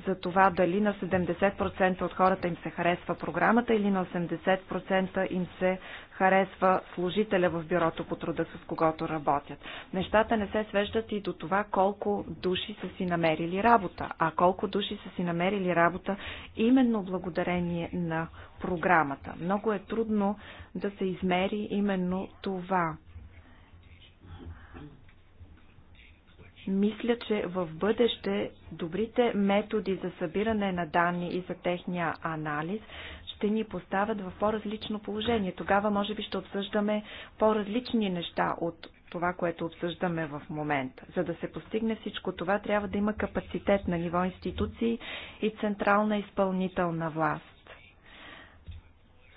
за това дали на 70% от хората им се харесва програмата или на 80% им се харесва служителя в бюрото по труда, с когото работят. Нещата не се свеждат и до това колко души са си намерили работа, а колко души са си намерили работа именно благодарение на програмата. Много е трудно да се измери именно това. Мисля, че в бъдеще добрите методи за събиране на данни и за техния анализ ще ни поставят в по-различно положение. Тогава може би ще обсъждаме по-различни неща от това, което обсъждаме в момента. За да се постигне всичко това, трябва да има капацитет на ниво институции и централна изпълнителна власт.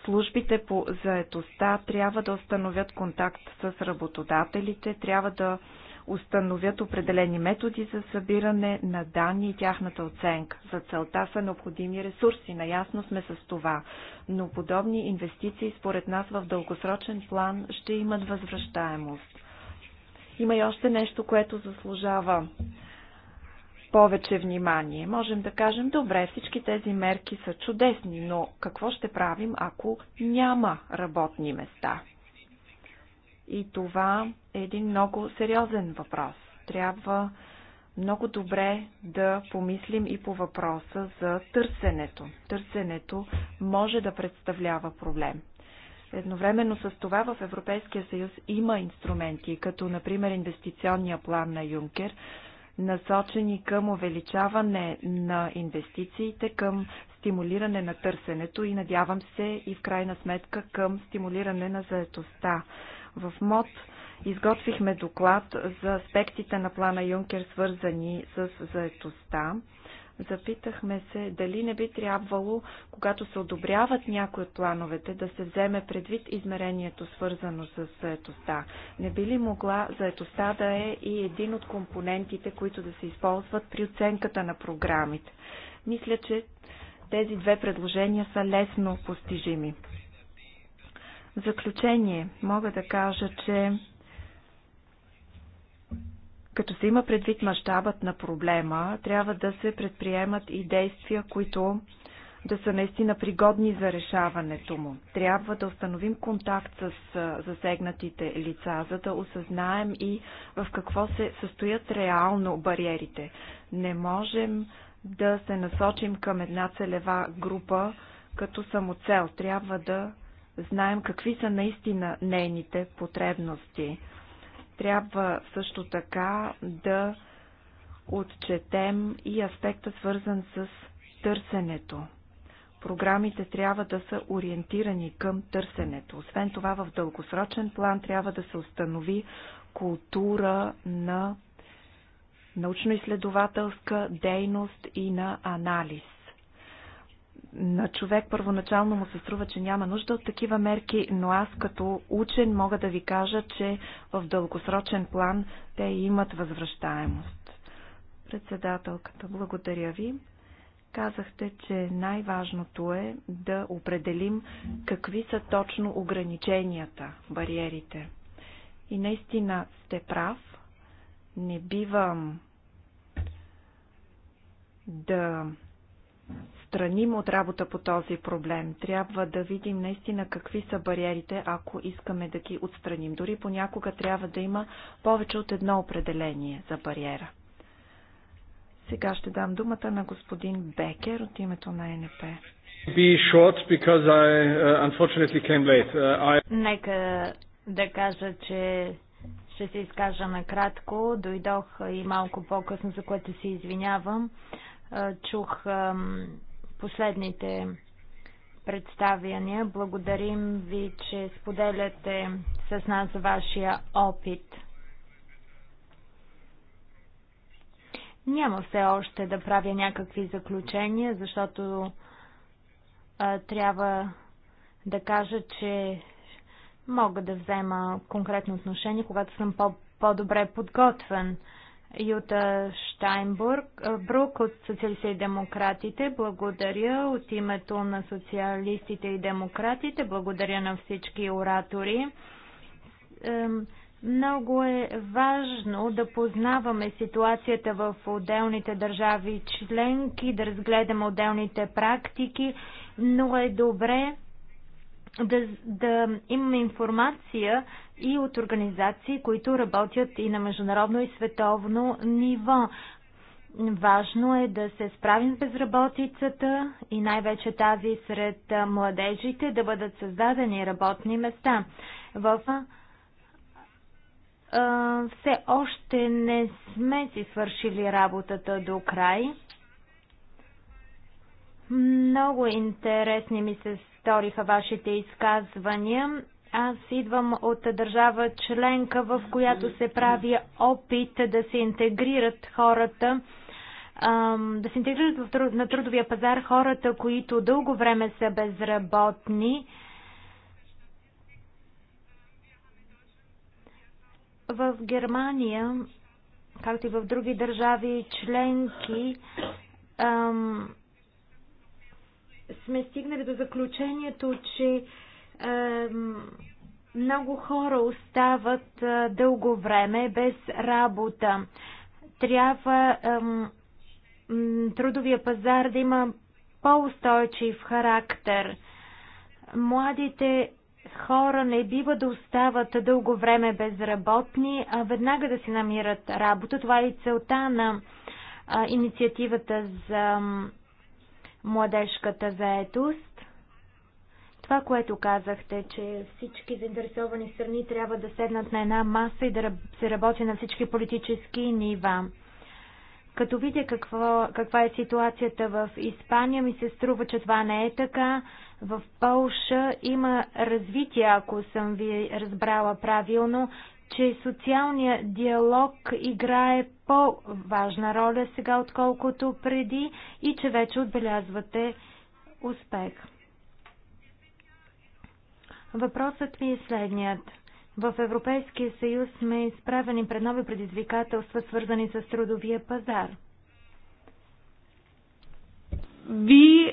Службите по заетостта трябва да установят контакт с работодателите, трябва да установят определени методи за събиране на данни и тяхната оценка. За целта са необходими ресурси, наясно сме с това, но подобни инвестиции според нас в дългосрочен план ще имат възвръщаемост. Има и още нещо, което заслужава повече внимание. Можем да кажем, добре, всички тези мерки са чудесни, но какво ще правим, ако няма работни места? И това е един много сериозен въпрос. Трябва много добре да помислим и по въпроса за търсенето. Търсенето може да представлява проблем. Едновременно с това в Европейския съюз има инструменти, като например инвестиционния план на Юнкер, насочени към увеличаване на инвестициите, към стимулиране на търсенето и надявам се и в крайна сметка към стимулиране на заетостта. В МОД изготвихме доклад за аспектите на плана Юнкер, свързани с заетостта. Запитахме се дали не би трябвало, когато се одобряват някои от плановете, да се вземе предвид измерението свързано с заетостта. Не би ли могла заетостта да е и един от компонентите, които да се използват при оценката на програмите? Мисля, че тези две предложения са лесно постижими. В заключение мога да кажа, че като се има предвид мащабът на проблема, трябва да се предприемат и действия, които да са наистина пригодни за решаването му. Трябва да установим контакт с засегнатите лица, за да осъзнаем и в какво се състоят реално бариерите. Не можем да се насочим към една целева група като самоцел. Трябва да знаем какви са наистина нейните потребности. Трябва също така да отчетем и аспекта свързан с търсенето. Програмите трябва да са ориентирани към търсенето. Освен това, в дългосрочен план трябва да се установи култура на научно-изследователска дейност и на анализ на човек първоначално му се струва, че няма нужда от такива мерки, но аз като учен мога да ви кажа, че в дългосрочен план те имат възвръщаемост. Председателката, благодаря ви. Казахте, че най-важното е да определим какви са точно ограниченията, бариерите. И наистина сте прав. Не бивам да отстраним от работа по този проблем. Трябва да видим наистина какви са бариерите, ако искаме да ги отстраним. Дори понякога трябва да има повече от едно определение за бариера. Сега ще дам думата на господин Бекер от името на НП. Uh, uh, Нека да кажа, че ще се изкажа накратко. Дойдох и малко по-късно, за което се извинявам. Uh, чух последните представяния. Благодарим ви, че споделяте с нас вашия опит. Няма все още да правя някакви заключения, защото а, трябва да кажа, че мога да взема конкретно отношение, когато съм по- по-добре подготвен. Юта Штайнбург, Брук от Социалистите и Демократите. Благодаря от името на Социалистите и Демократите. Благодаря на всички оратори. Много е важно да познаваме ситуацията в отделните държави членки, да разгледаме отделните практики, но е добре да, да имаме информация и от организации, които работят и на международно и световно ниво. Важно е да се справим с безработицата и най-вече тази сред младежите да бъдат създадени работни места. В все още не сме си свършили работата до край. Много интересни ми се сториха вашите изказвания аз идвам от държава членка, в която се прави опит да се интегрират хората, да се интегрират на трудовия пазар хората, които дълго време са безработни. В Германия, както и в други държави членки, сме стигнали до заключението, че много хора остават е, дълго време без работа. Трябва трудовия пазар да има по-устойчив характер. Младите хора не бива да остават дълго време безработни, а веднага да си намират работа. Това е и целта на инициативата за младежката заетост. Това, което казахте, че всички заинтересовани страни трябва да седнат на една маса и да се работи на всички политически нива. Като видя какво, каква е ситуацията в Испания, ми се струва, че това не е така. В Полша има развитие, ако съм ви разбрала правилно, че социалният диалог играе по-важна роля сега, отколкото преди и че вече отбелязвате успех. Въпросът ми е следният. В Европейския съюз сме изправени пред нови предизвикателства, свързани с трудовия пазар. Ви,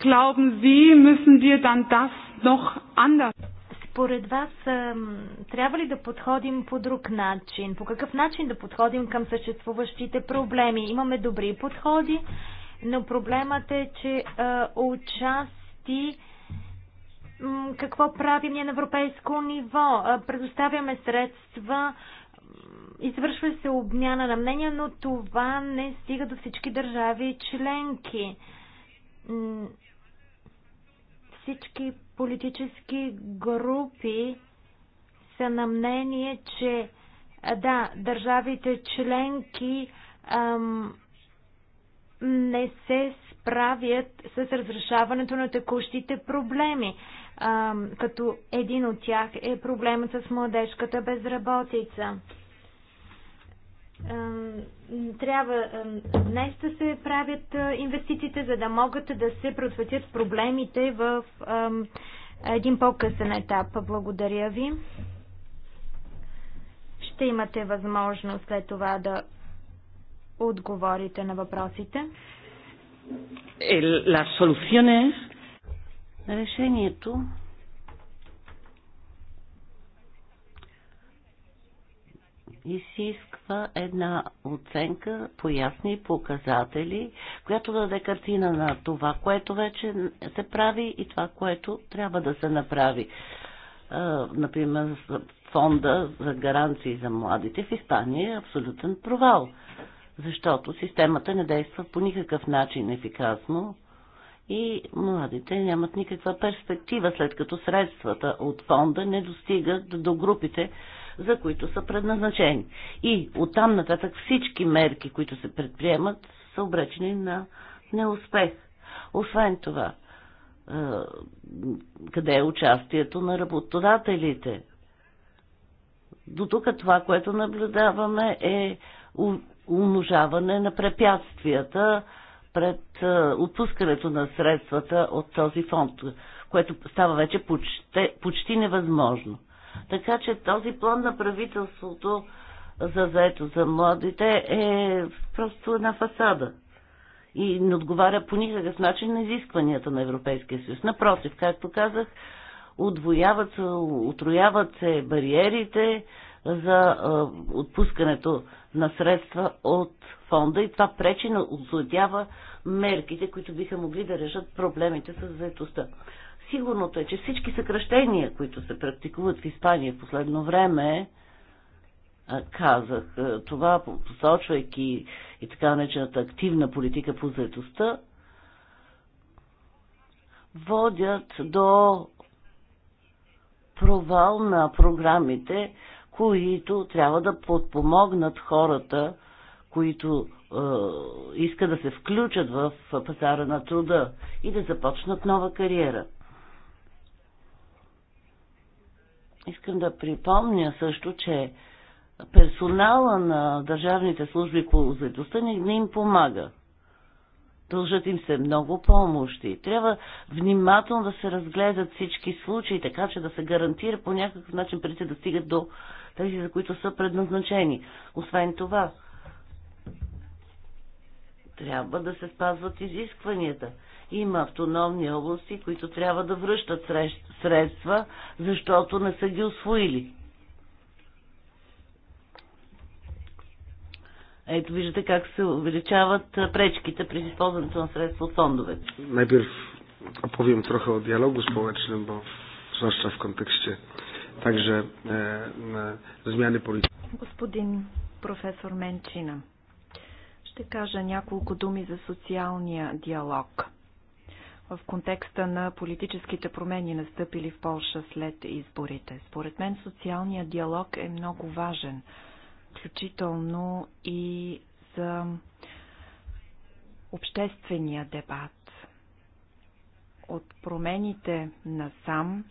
glauben Sie, müssen wir dann das noch anders? Според вас трябва ли да подходим по друг начин? По какъв начин да подходим към съществуващите проблеми? Имаме добри подходи, но проблемът е, че а, участи какво правим ние на европейско ниво. Предоставяме средства, извършва се обмяна на мнения, но това не стига до всички държави членки. Всички политически групи са на мнение, че да, държавите членки ам, не се справят с разрешаването на текущите проблеми като един от тях е проблемът с младежката безработица. Трябва днес да се правят инвестициите, за да могат да се предотвратят проблемите в един по-късен етап. Благодаря ви. Ще имате възможност след това да отговорите на въпросите. Las е, soluciones Решението изисква една оценка по ясни показатели, която да даде картина на това, което вече се прави и това, което трябва да се направи. Например, фонда за гаранции за младите в Испания е абсолютен провал, защото системата не действа по никакъв начин ефикасно и младите нямат никаква перспектива, след като средствата от фонда не достигат до групите, за които са предназначени. И оттам нататък всички мерки, които се предприемат, са обречени на неуспех. Освен това, е, къде е участието на работодателите? До тук това, което наблюдаваме е умножаване на препятствията, пред отпускането на средствата от този фонд, което става вече почти, почти невъзможно. Така че този план на правителството за заето за младите е просто една фасада и не отговаря по никакъв начин на изискванията на Европейския съюз. Напротив, както казах, Отвояват се, отрояват се бариерите за отпускането на средства от фонда и това пречи на отследява мерките, които биха могли да решат проблемите с заетостта. Сигурното е, че всички съкръщения, които се практикуват в Испания в последно време, казах това, посочвайки и така наречената активна политика по заедостта, водят до провал на програмите, които трябва да подпомогнат хората, които е, искат да се включат в пазара на труда и да започнат нова кариера. Искам да припомня също, че персонала на държавните служби по заедостта не, не им помага. Дължат им се много помощи. Трябва внимателно да се разгледат всички случаи, така че да се гарантира по някакъв начин парите да стигат до тези, за които са предназначени. Освен това, трябва да се спазват изискванията. Има автономни области, които трябва да връщат средства, защото не са ги освоили. Ето виждате как се увеличават пречките при използването на средства от фондовете. Najpierw opowiem от o dialogu społecznym, bo в контексте kontekście także на размяни polityki. Господин професор Менчина, ще кажа няколко думи за социалния диалог. В контекста на политическите промени, настъпили в Польша след изборите, според мен социалният диалог е много важен – включително и за обществения дебат. От промените на сам,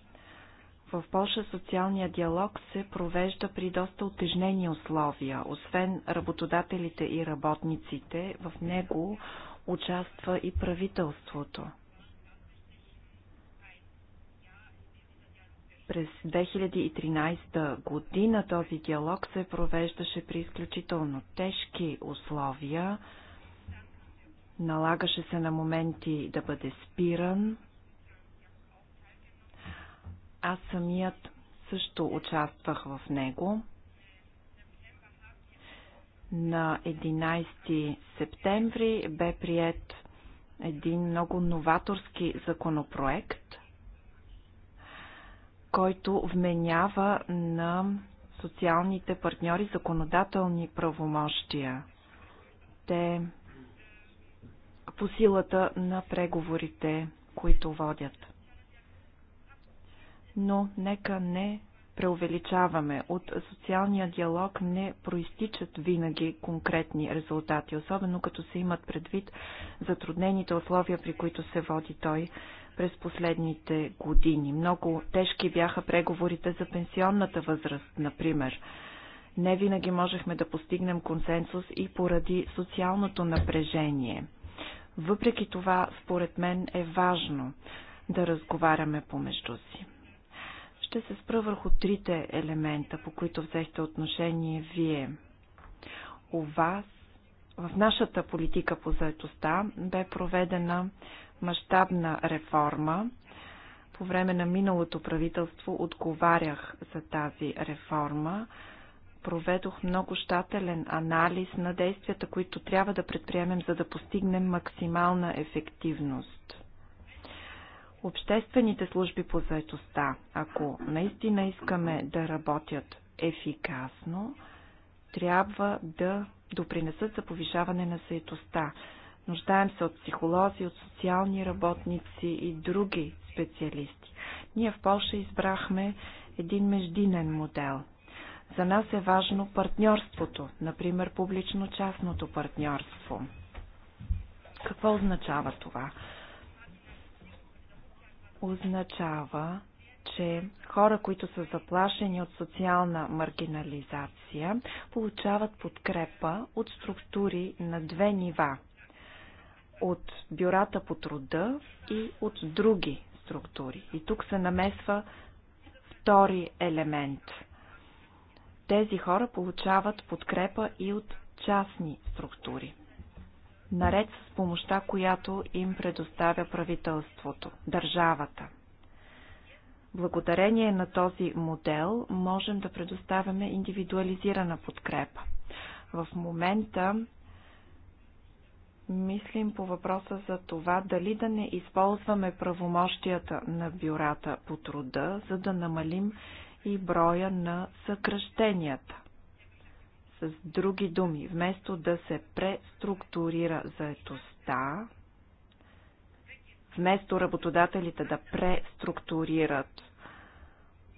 в Польша социалния диалог се провежда при доста отежнени условия. Освен работодателите и работниците, в него участва и правителството. През 2013 година този диалог се провеждаше при изключително тежки условия. Налагаше се на моменти да бъде спиран. Аз самият също участвах в него. На 11 септември бе прият един много новаторски законопроект, който вменява на социалните партньори законодателни правомощия. Те по силата на преговорите, които водят. Но нека не преувеличаваме. От социалния диалог не проистичат винаги конкретни резултати, особено като се имат предвид затруднените условия, при които се води той през последните години. Много тежки бяха преговорите за пенсионната възраст, например. Не винаги можехме да постигнем консенсус и поради социалното напрежение. Въпреки това, според мен е важно да разговаряме помежду си. Ще се спра върху трите елемента, по които взехте отношение вие. У вас в нашата политика по заедостта бе проведена мащабна реформа. По време на миналото правителство отговарях за тази реформа. Проведох много щателен анализ на действията, които трябва да предприемем, за да постигнем максимална ефективност. Обществените служби по заетостта, ако наистина искаме да работят ефикасно, трябва да допринесат за повишаване на заетостта. Нуждаем се от психолози, от социални работници и други специалисти. Ние в Польша избрахме един междинен модел. За нас е важно партньорството, например публично-частното партньорство. Какво означава това? Означава, че хора, които са заплашени от социална маргинализация, получават подкрепа от структури на две нива от бюрата по труда и от други структури. И тук се намесва втори елемент. Тези хора получават подкрепа и от частни структури, наред с помощта, която им предоставя правителството, държавата. Благодарение на този модел можем да предоставяме индивидуализирана подкрепа. В момента мислим по въпроса за това дали да не използваме правомощията на бюрата по труда, за да намалим и броя на съкръщенията. С други думи, вместо да се преструктурира заетостта, вместо работодателите да преструктурират,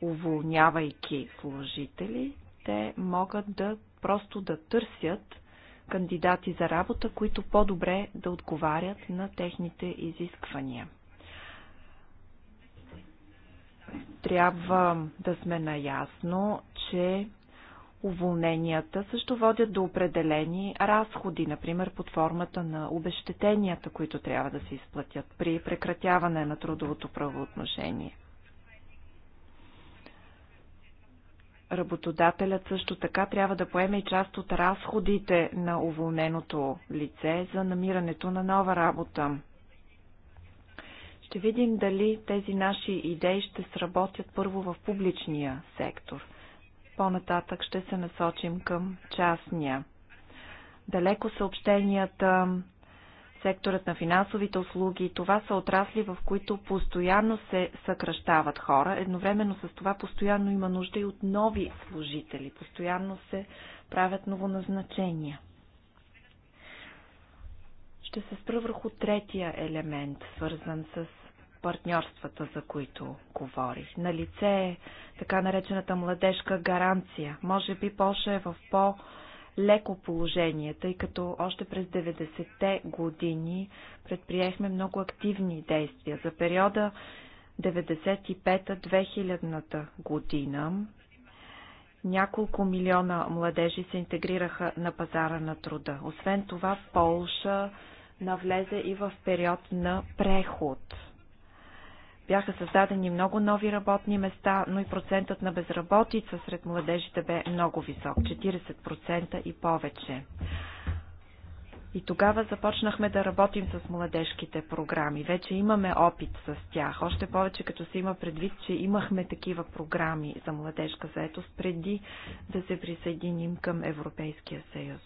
уволнявайки служители, те могат да просто да търсят кандидати за работа, които по-добре да отговарят на техните изисквания. Трябва да сме наясно, че уволненията също водят до определени разходи, например под формата на обещетенията, които трябва да се изплатят при прекратяване на трудовото правоотношение. Работодателят също така трябва да поеме и част от разходите на уволненото лице за намирането на нова работа. Ще видим дали тези наши идеи ще сработят първо в публичния сектор. По-нататък ще се насочим към частния. Далеко съобщенията секторът на финансовите услуги. Това са отрасли, в които постоянно се съкръщават хора. Едновременно с това постоянно има нужда и от нови служители. Постоянно се правят новоназначения. Ще се спра върху третия елемент, свързан с партньорствата, за които говорих. На лице е така наречената младежка гаранция. Може би Польша е в по- леко положение, тъй като още през 90-те години предприехме много активни действия. За периода 95-2000 година няколко милиона младежи се интегрираха на пазара на труда. Освен това, Полша навлезе и в период на преход – бяха създадени много нови работни места, но и процентът на безработица сред младежите бе много висок 40% и повече. И тогава започнахме да работим с младежките програми. Вече имаме опит с тях. Още повече като се има предвид, че имахме такива програми за младежка заетост преди да се присъединим към Европейския съюз.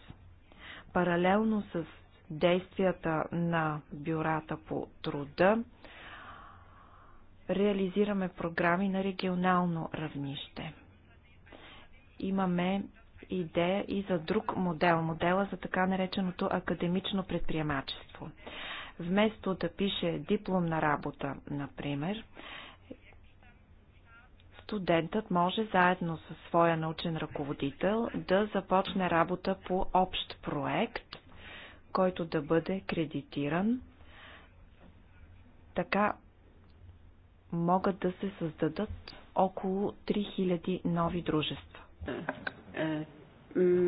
Паралелно с действията на бюрата по труда, реализираме програми на регионално равнище. Имаме идея и за друг модел, модела за така нареченото академично предприемачество. Вместо да пише дипломна работа, например, студентът може заедно със своя научен ръководител да започне работа по общ проект, който да бъде кредитиран. Така могат да се създадат около 3000 нови дружества. Е, е,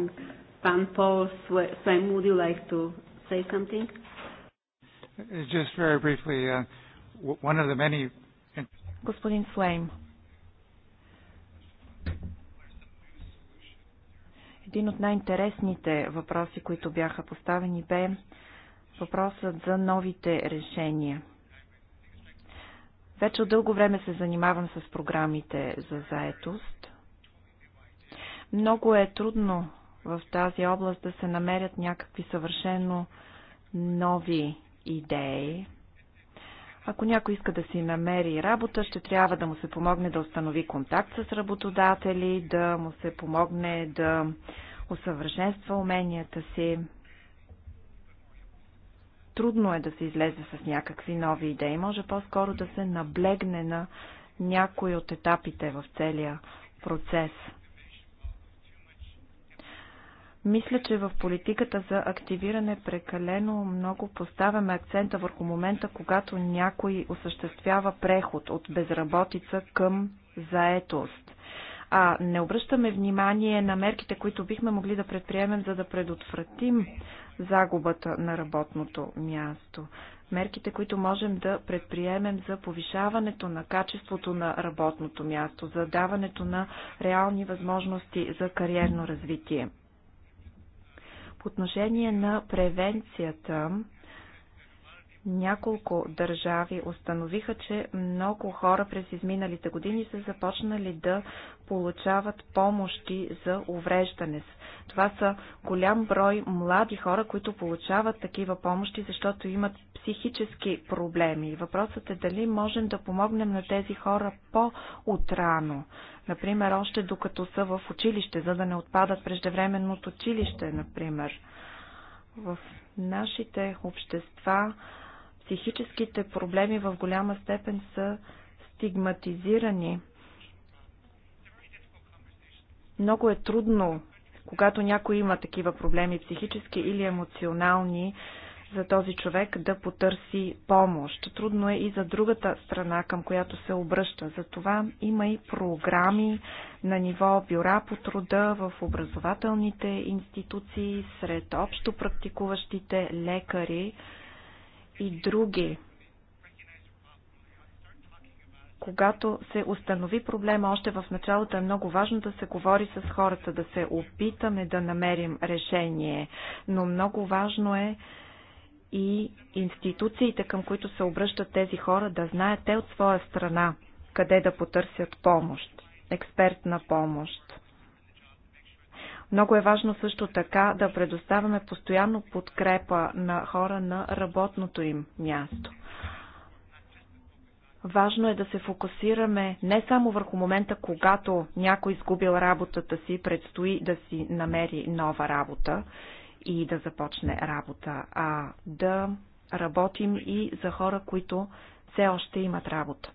пан Пол Свен, would you like to say something? Е, just very briefly, uh, one of the many... Господин Слейм, един от най-интересните въпроси, които бяха поставени, бе въпросът за новите решения. Вече от дълго време се занимавам с програмите за заетост. Много е трудно в тази област да се намерят някакви съвършено нови идеи. Ако някой иска да си намери работа, ще трябва да му се помогне да установи контакт с работодатели, да му се помогне да усъвършенства уменията си. Трудно е да се излезе с някакви нови идеи. Може по-скоро да се наблегне на някои от етапите в целия процес. Мисля, че в политиката за активиране прекалено много поставяме акцента върху момента, когато някой осъществява преход от безработица към заетост. А не обръщаме внимание на мерките, които бихме могли да предприемем, за да предотвратим загубата на работното място. Мерките, които можем да предприемем за повишаването на качеството на работното място, за даването на реални възможности за кариерно развитие. По отношение на превенцията, няколко държави установиха, че много хора през изминалите години са започнали да получават помощи за увреждане. Това са голям брой млади хора, които получават такива помощи, защото имат психически проблеми. Въпросът е дали можем да помогнем на тези хора по-утрано. Например, още докато са в училище, за да не отпадат преждевременно от училище, например. В нашите общества психическите проблеми в голяма степен са стигматизирани. Много е трудно, когато някой има такива проблеми, психически или емоционални, за този човек да потърси помощ. Трудно е и за другата страна, към която се обръща. Затова има и програми на ниво бюра по труда в образователните институции, сред общо практикуващите лекари, и други. Когато се установи проблема още в началото, е много важно да се говори с хората, да се опитаме да намерим решение, но много важно е и институциите, към които се обръщат тези хора, да знаят те от своя страна къде да потърсят помощ, експертна помощ. Много е важно също така да предоставяме постоянно подкрепа на хора на работното им място. Важно е да се фокусираме не само върху момента, когато някой изгубил работата си, предстои да си намери нова работа и да започне работа, а да работим и за хора, които все още имат работа.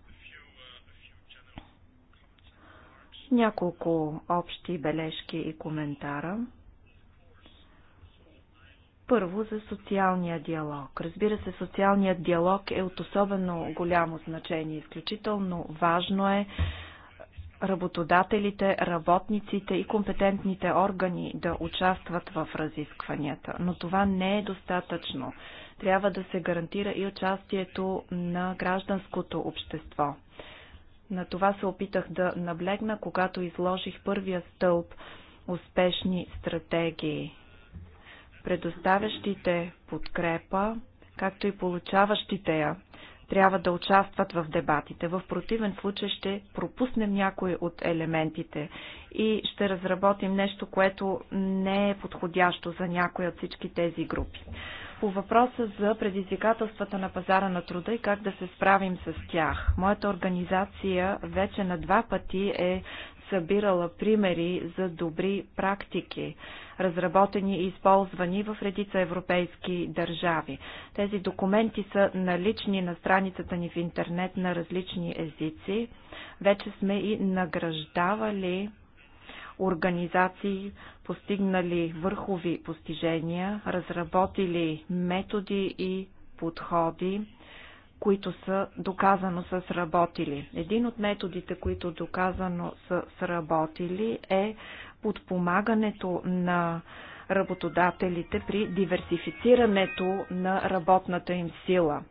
Няколко общи бележки и коментара. Първо за социалния диалог. Разбира се, социалният диалог е от особено голямо значение. Изключително важно е работодателите, работниците и компетентните органи да участват в разискванията. Но това не е достатъчно. Трябва да се гарантира и участието на гражданското общество. На това се опитах да наблегна, когато изложих първия стълб успешни стратегии. Предоставящите подкрепа, както и получаващите я, трябва да участват в дебатите. В противен случай ще пропуснем някои от елементите и ще разработим нещо, което не е подходящо за някои от всички тези групи по въпроса за предизвикателствата на пазара на труда и как да се справим с тях. Моята организация вече на два пъти е събирала примери за добри практики, разработени и използвани в редица европейски държави. Тези документи са налични на страницата ни в интернет на различни езици. Вече сме и награждавали организации, постигнали върхови постижения, разработили методи и подходи, които са доказано са сработили. Един от методите, които доказано са сработили е подпомагането на работодателите при диверсифицирането на работната им сила.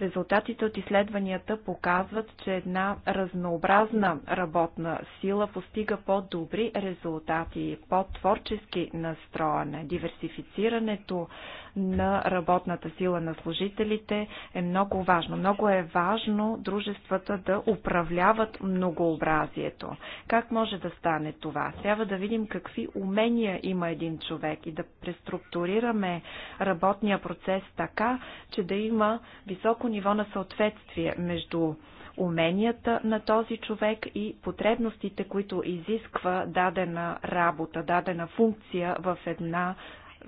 Резултатите от изследванията показват, че една разнообразна работна сила постига по-добри резултати, по-творчески настроена. Диверсифицирането на работната сила на служителите е много важно. Много е важно дружествата да управляват многообразието. Как може да стане това? Трябва да видим какви умения има един човек и да преструктурираме работния процес така, че да има високо ниво на съответствие между уменията на този човек и потребностите, които изисква дадена работа, дадена функция в една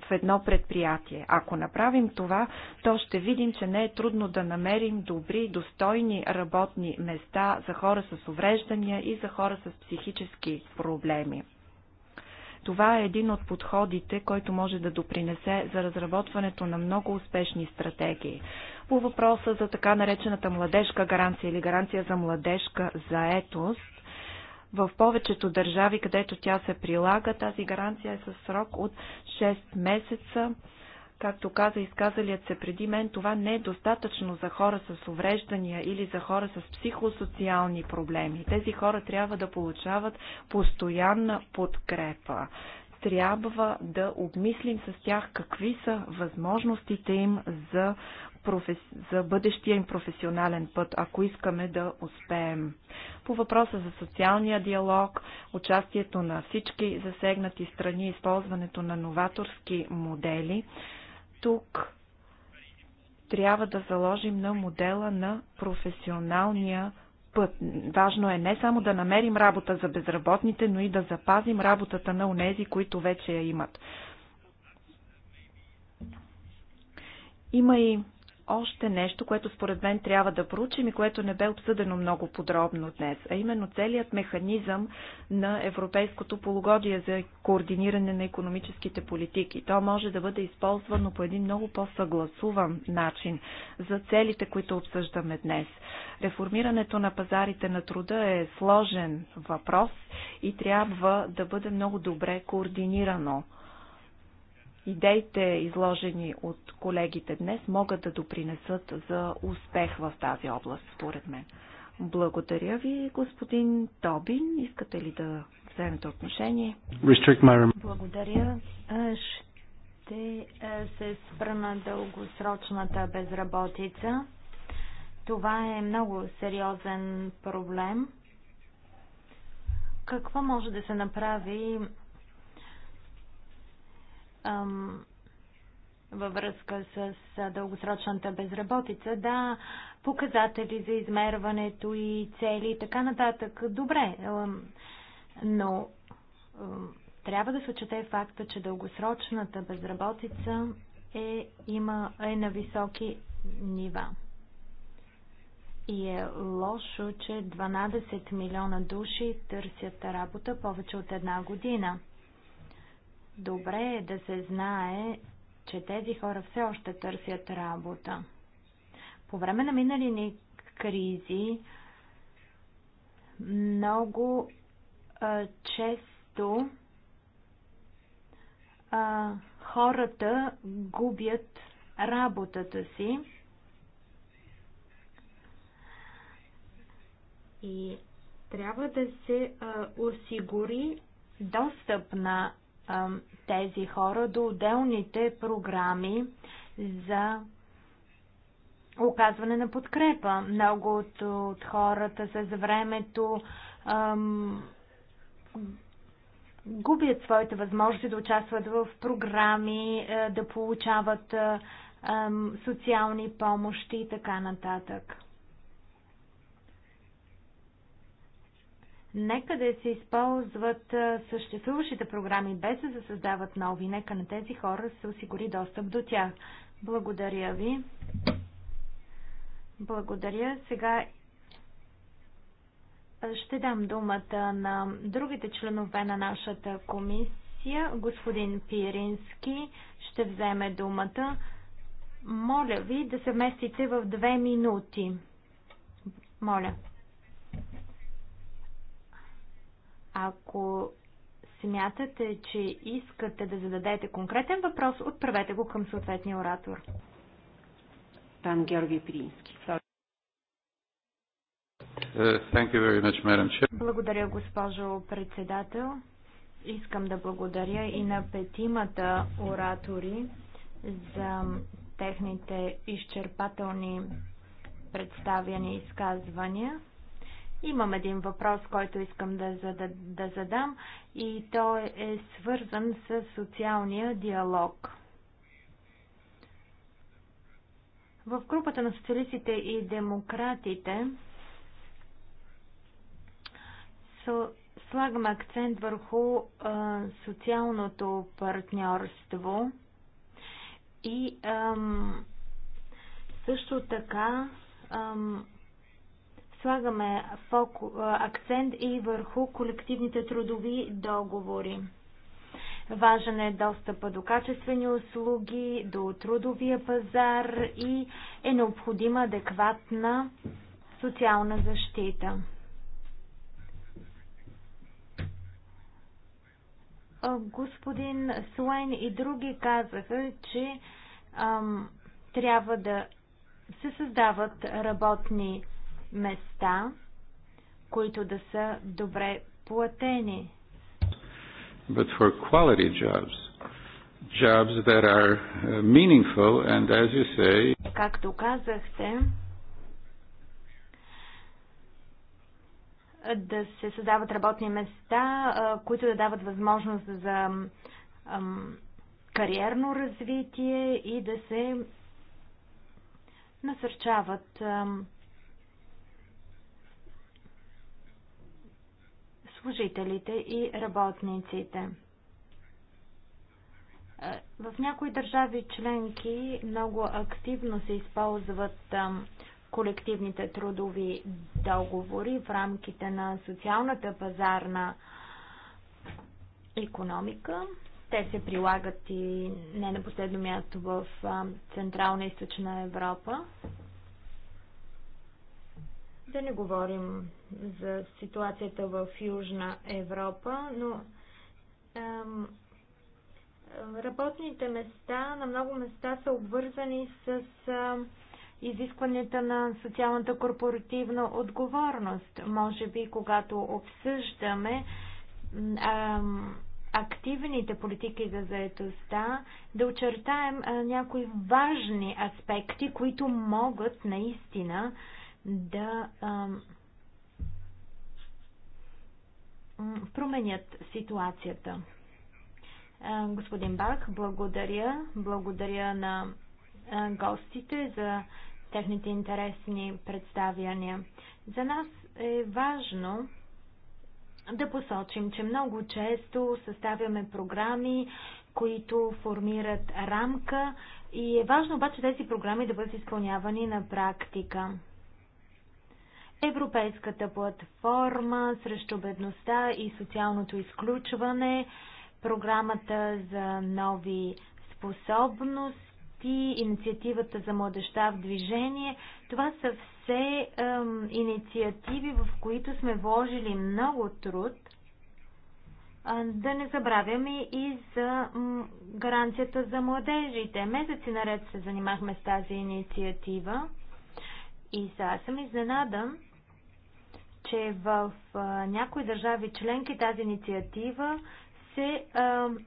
в едно предприятие. Ако направим това, то ще видим, че не е трудно да намерим добри, достойни работни места за хора с увреждания и за хора с психически проблеми. Това е един от подходите, който може да допринесе за разработването на много успешни стратегии. По въпроса за така наречената младежка гаранция или гаранция за младежка заетост, в повечето държави, където тя се прилага, тази гаранция е със срок от 6 месеца. Както каза изказалият се преди мен, това не е достатъчно за хора с увреждания или за хора с психосоциални проблеми. Тези хора трябва да получават постоянна подкрепа трябва да обмислим с тях какви са възможностите им за за бъдещия им професионален път, ако искаме да успеем. По въпроса за социалния диалог, участието на всички засегнати страни, използването на новаторски модели, тук трябва да заложим на модела на професионалния път. Важно е не само да намерим работа за безработните, но и да запазим работата на унези, които вече я имат. Има и още нещо, което според мен трябва да проучим и което не бе обсъдено много подробно днес, а именно целият механизъм на европейското полугодие за координиране на економическите политики. То може да бъде използвано по един много по-съгласуван начин за целите, които обсъждаме днес. Реформирането на пазарите на труда е сложен въпрос и трябва да бъде много добре координирано Идеите, изложени от колегите днес, могат да допринесат за успех в тази област, според мен. Благодаря ви, господин Тобин. Искате ли да вземете отношение? Благодаря. Ще се спра на дългосрочната безработица. Това е много сериозен проблем. Какво може да се направи във връзка с дългосрочната безработица, да, показатели за измерването и цели и така нататък. Добре, но трябва да се чете факта, че дългосрочната безработица е, има, е на високи нива. И е лошо, че 12 милиона души търсят работа повече от една година – Добре е да се знае, че тези хора все още търсят работа. По време на минали ни кризи много а, често а, хората губят работата си и трябва да се а, осигури достъп на а, тези хора до отделните програми за оказване на подкрепа. Много от, от хората с времето ам, губят своите възможности да участват в програми, е, да получават е, ам, социални помощи и така нататък. Нека да се използват съществуващите програми, без да се създават нови. Нека на тези хора се осигури достъп до тях. Благодаря ви. Благодаря. Сега ще дам думата на другите членове на нашата комисия. Господин Пирински ще вземе думата. Моля ви да се местите в две минути. Моля. Ако смятате, че искате да зададете конкретен въпрос, отправете го към съответния оратор. Пан Георги Пирински. Е, благодаря, госпожо председател. Искам да благодаря и на петимата оратори за техните изчерпателни представяни изказвания. Имам един въпрос, който искам да, да, да задам и той е свързан с социалния диалог. В групата на социалистите и демократите слагам акцент върху а, социалното партньорство и ам, също така ам, слагаме акцент и върху колективните трудови договори. Важен е достъпа до качествени услуги, до трудовия пазар и е необходима адекватна социална защита. Господин Суен и други казаха, че ам, трябва да се създават работни места, които да са добре платени. But for quality jobs, jobs that are uh, meaningful and as you say... Както казахте, да се създават работни места, които да дават възможност за кариерно развитие и да се насърчават служителите и работниците. Е, в някои държави членки много активно се използват колективните трудови договори в рамките на социалната пазарна економика. Те се прилагат и не на последно място в Централна и Източна Европа. Да не говорим за ситуацията в Южна Европа, но ем, работните места на много места са обвързани с ем, изискванията на социалната корпоративна отговорност. Може би, когато обсъждаме ем, активните политики за заетостта, да очертаем е, някои важни аспекти, които могат наистина е, да а, променят ситуацията. А, господин Барк, благодаря. Благодаря на а, гостите за техните интересни представяния. За нас е важно да посочим, че много често съставяме програми, които формират рамка и е важно обаче тези програми да бъдат изпълнявани на практика. Европейската платформа срещу бедността и социалното изключване, програмата за нови способности, инициативата за младеща в движение. Това са все ем, инициативи, в които сме вложили много труд. Да не забравяме и за гаранцията за младежите. Месеци наред се занимахме с тази инициатива и сега съм изненадан, че в някои държави членки тази инициатива се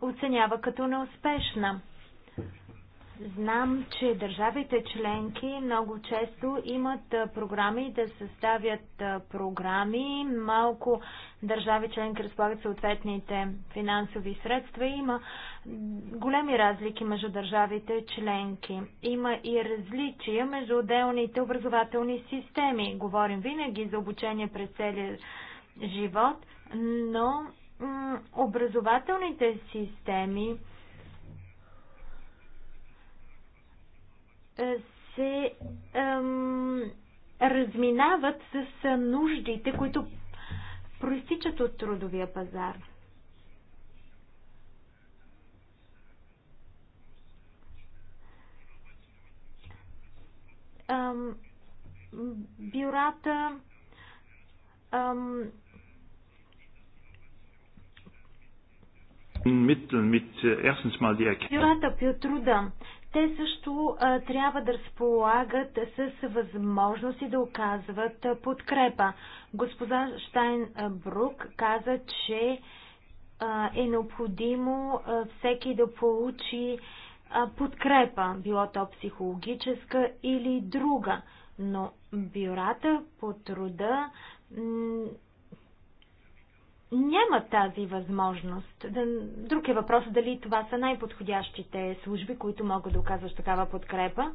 оценява като неуспешна. Знам, че държавите членки много често имат програми да съставят програми. Малко държави членки разполагат съответните финансови средства. Има големи разлики между държавите членки. Има и различия между отделните образователни системи. Говорим винаги за обучение през целия живот, но образователните системи се ем, разминават с нуждите, които проистичат от трудовия пазар. Ем, бюрата ем, Mitteln mit äh, erstens mal die Бюрата по труда те също а, трябва да разполагат с възможности да оказват подкрепа. Госпожа Штайнбрук каза, че а, е необходимо а, всеки да получи а, подкрепа, било то психологическа или друга. Но бюрата по труда няма тази възможност. Друг е въпрос дали това са най-подходящите служби, които могат да оказваш такава подкрепа.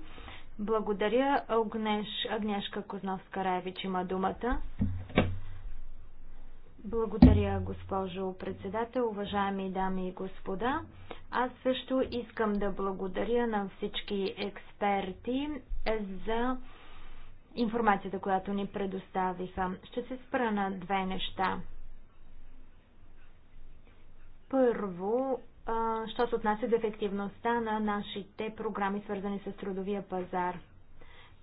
Благодаря. Огнеш, Агнешка Козновска-Раевич има думата. Благодаря, госпожо председател, уважаеми дами и господа. Аз също искам да благодаря на всички експерти за информацията, която ни предоставиха. Ще се спра на две неща. Първо, що се отнася до ефективността на нашите програми, свързани с трудовия пазар.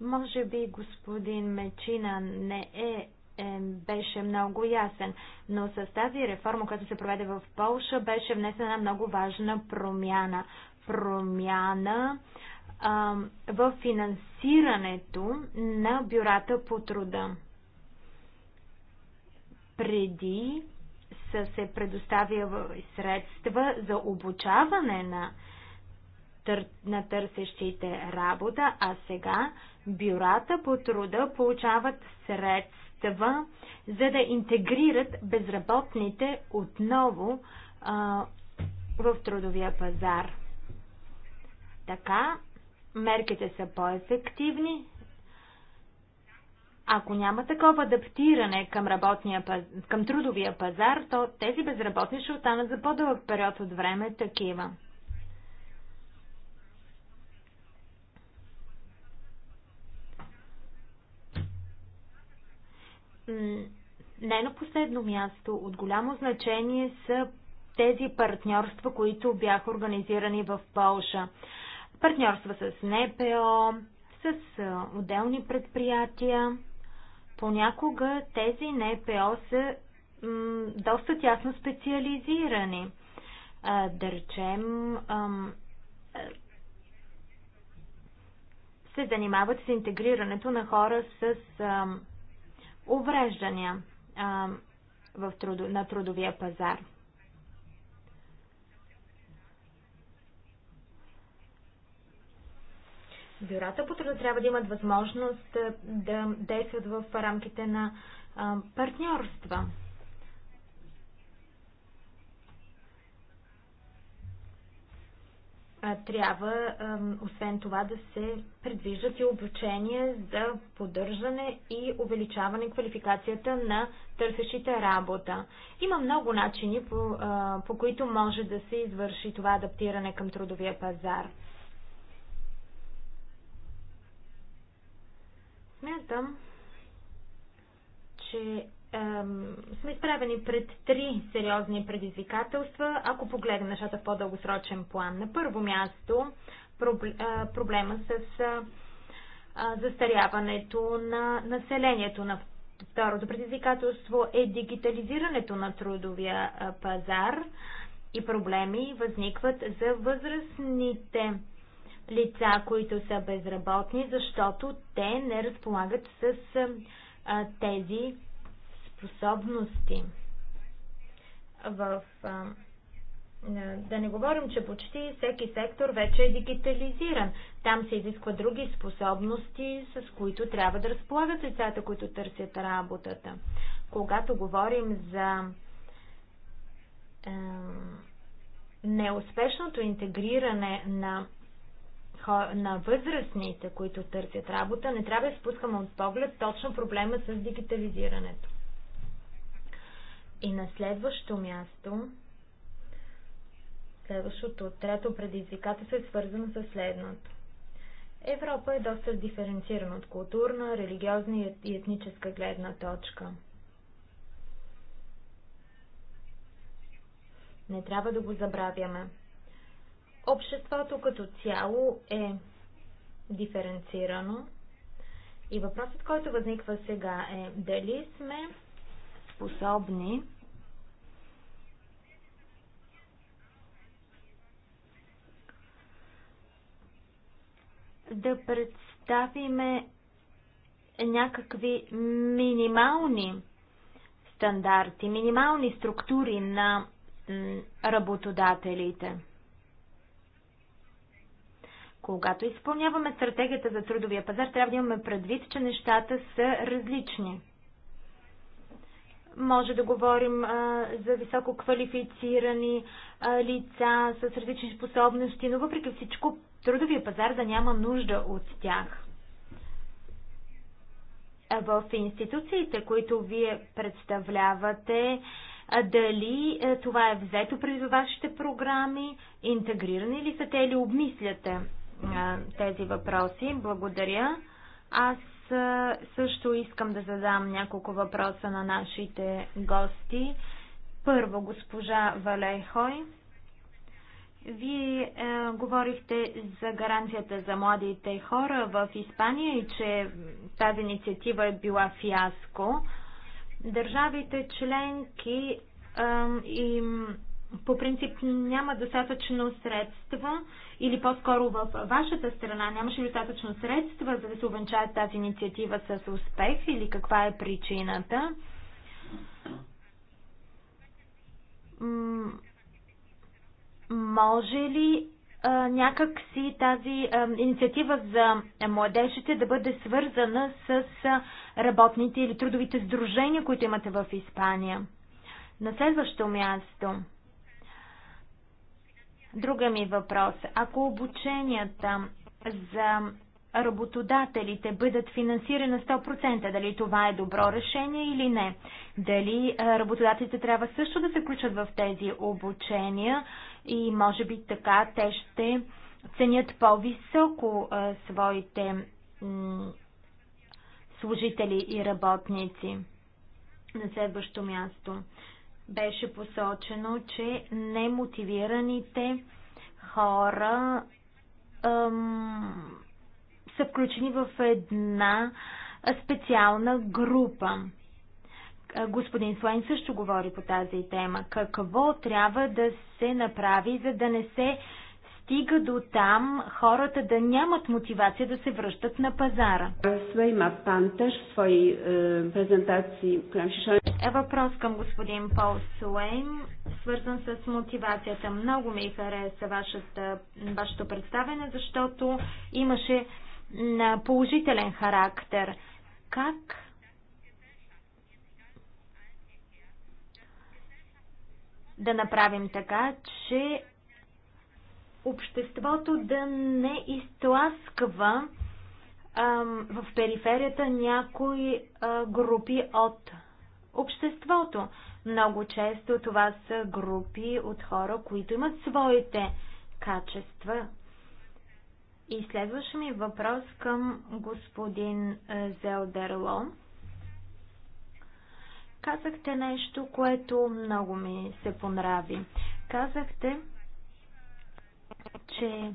Може би господин Мечина не е, е беше много ясен, но с тази реформа, която се проведе в Полша, беше внесена много важна промяна. Промяна в финансирането на бюрата по труда. Преди да се предоставя средства за обучаване на, тър, на търсещите работа, а сега бюрата по труда получават средства, за да интегрират безработните отново а, в трудовия пазар. Така мерките са по-ефективни, ако няма такова адаптиране към, работния, към трудовия пазар, то тези безработни ще останат за по-дълъг период от време такива. Не на последно място, от голямо значение са тези партньорства, които бяха организирани в Полша. Партньорства с НПО, с отделни предприятия. Понякога тези НПО са м, доста тясно специализирани. А, да речем, ам, се занимават с интегрирането на хора с ам, увреждания ам, в труд, на трудовия пазар. Бюрата по труда трябва да имат възможност е, да действат в рамките на партньорства. трябва, освен това, да се предвиждат и обучения за поддържане и увеличаване квалификацията на търсещите работа. Има много начини, по, по които може да се извърши това адаптиране към трудовия пазар. Смятам, че ем, сме изправени пред три сериозни предизвикателства, ако погледнем нещата в по-дългосрочен план. На първо място проблема с застаряването на населението. На второто предизвикателство е дигитализирането на трудовия пазар и проблеми възникват за възрастните лица, които са безработни, защото те не разполагат с а, тези способности. В, а, да не говорим, че почти всеки сектор вече е дигитализиран. Там се изисква други способности, с които трябва да разполагат лицата, които търсят работата. Когато говорим за неуспешното интегриране на на възрастните, които търсят работа, не трябва да спускаме от поглед точно проблема с дигитализирането. И на следващо място, следващото, трето предизвикателство е свързано с следното. Европа е доста диференцирана от културна, религиозна и етническа гледна точка. Не трябва да го забравяме обществото като цяло е диференцирано. И въпросът, който възниква сега е дали сме способни да представиме някакви минимални стандарти, минимални структури на работодателите. Когато изпълняваме стратегията за трудовия пазар, трябва да имаме предвид, че нещата са различни. Може да говорим а, за високо квалифицирани а, лица с различни способности, но въпреки всичко трудовия пазар да няма нужда от тях. В институциите, които вие представлявате, а дали това е взето през вашите програми, интегрирани ли са те или обмисляте тези въпроси. Благодаря. Аз също искам да задам няколко въпроса на нашите гости. Първо, госпожа Валехой. Вие е, говорихте за гаранцията за младите хора в Испания и че тази инициатива е била фиаско. Държавите членки е, им по принцип няма достатъчно средства или по-скоро в вашата страна нямаше достатъчно средства, за да се увенчае тази инициатива с успех или каква е причината? Може ли някак си тази инициатива за младежите да бъде свързана с работните или трудовите сдружения, които имате в Испания? На следващо място – Друга ми въпрос. Ако обученията за работодателите бъдат финансирани на 100%, дали това е добро решение или не? Дали работодателите трябва също да се включат в тези обучения и може би така те ще ценят по-високо своите служители и работници? На следващо място. Беше посочено, че немотивираните хора ам, са включени в една специална група. Господин Слайн също говори по тази тема. Какво трябва да се направи, за да не се стига до там хората да нямат мотивация да се връщат на пазара. Е, е въпрос към господин Пол Суейм, свързан с мотивацията. Много ми хареса вашата, вашето представене, защото имаше положителен характер. Как да направим така, че обществото да не изтласква в периферията някои групи от обществото. Много често това са групи от хора, които имат своите качества. И следваше ми въпрос към господин Зелдерло. Казахте нещо, което много ми се понрави. Казахте, че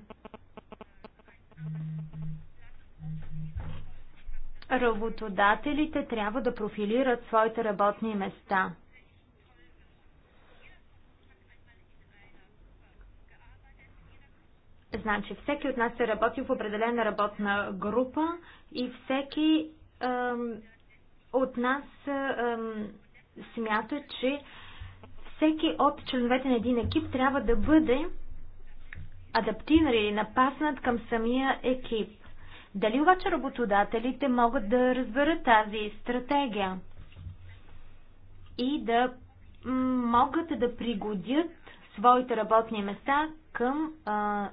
работодателите трябва да профилират своите работни места. Значи, всеки от нас е работил в определена работна група и всеки ем, от нас ем, смята, че всеки от членовете на един екип трябва да бъде адаптиран или напаснат към самия екип. Дали обаче работодателите могат да разберат тази стратегия и да могат да пригодят своите работни места към а,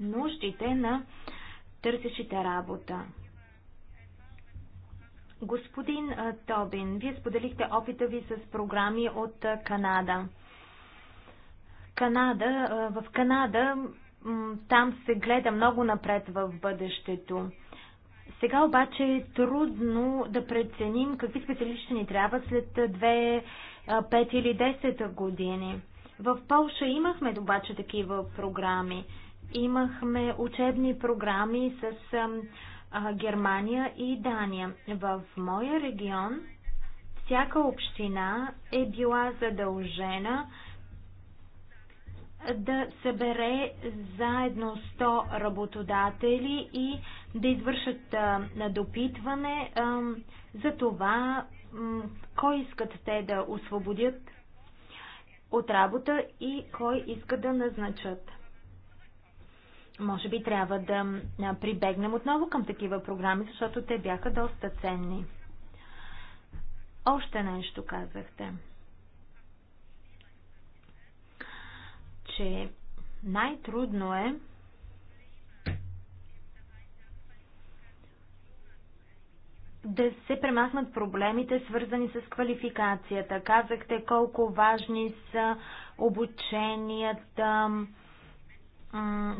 нуждите на търсещите работа? Господин Тобин, вие споделихте опита ви с програми от Канада. Канада, в Канада там се гледа много напред в бъдещето. Сега обаче е трудно да преценим какви специалисти ни трябва след 2, 5 или 10 години. В Полша имахме обаче такива програми. Имахме учебни програми с а, Германия и Дания. В моя регион всяка община е била задължена да събере заедно 100 работодатели и да извършат допитване за това кой искат те да освободят от работа и кой иска да назначат. Може би трябва да прибегнем отново към такива програми, защото те бяха доста ценни. Още нещо казахте. че най-трудно е да се премахнат проблемите, свързани с квалификацията. Казахте колко важни са обученията,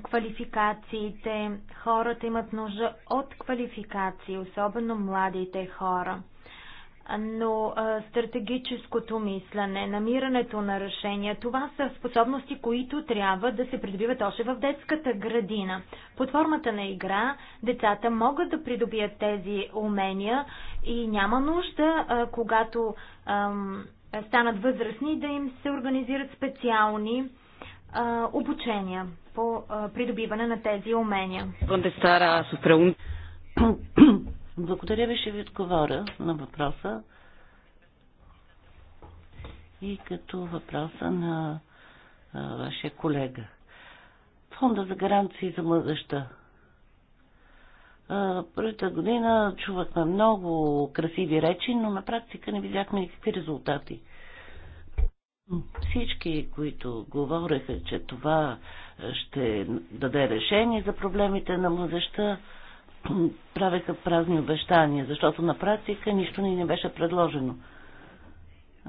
квалификациите. Хората имат нужда от квалификации, особено младите хора но а, стратегическото мислене, намирането на решения, това са способности, които трябва да се придобиват още в детската градина. Под формата на игра децата могат да придобият тези умения и няма нужда, а, когато а, станат възрастни, да им се организират специални а, обучения по а, придобиване на тези умения. *coughs* Благодаря ви, ще ви отговоря на въпроса. И като въпроса на а, вашия колега. Фонда за гаранции за младеща. Първата година чувахме много красиви речи, но на практика не видяхме никакви резултати. Всички, които говореха, че това ще даде решение за проблемите на младеща, правеха празни обещания, защото на практика нищо ни не беше предложено.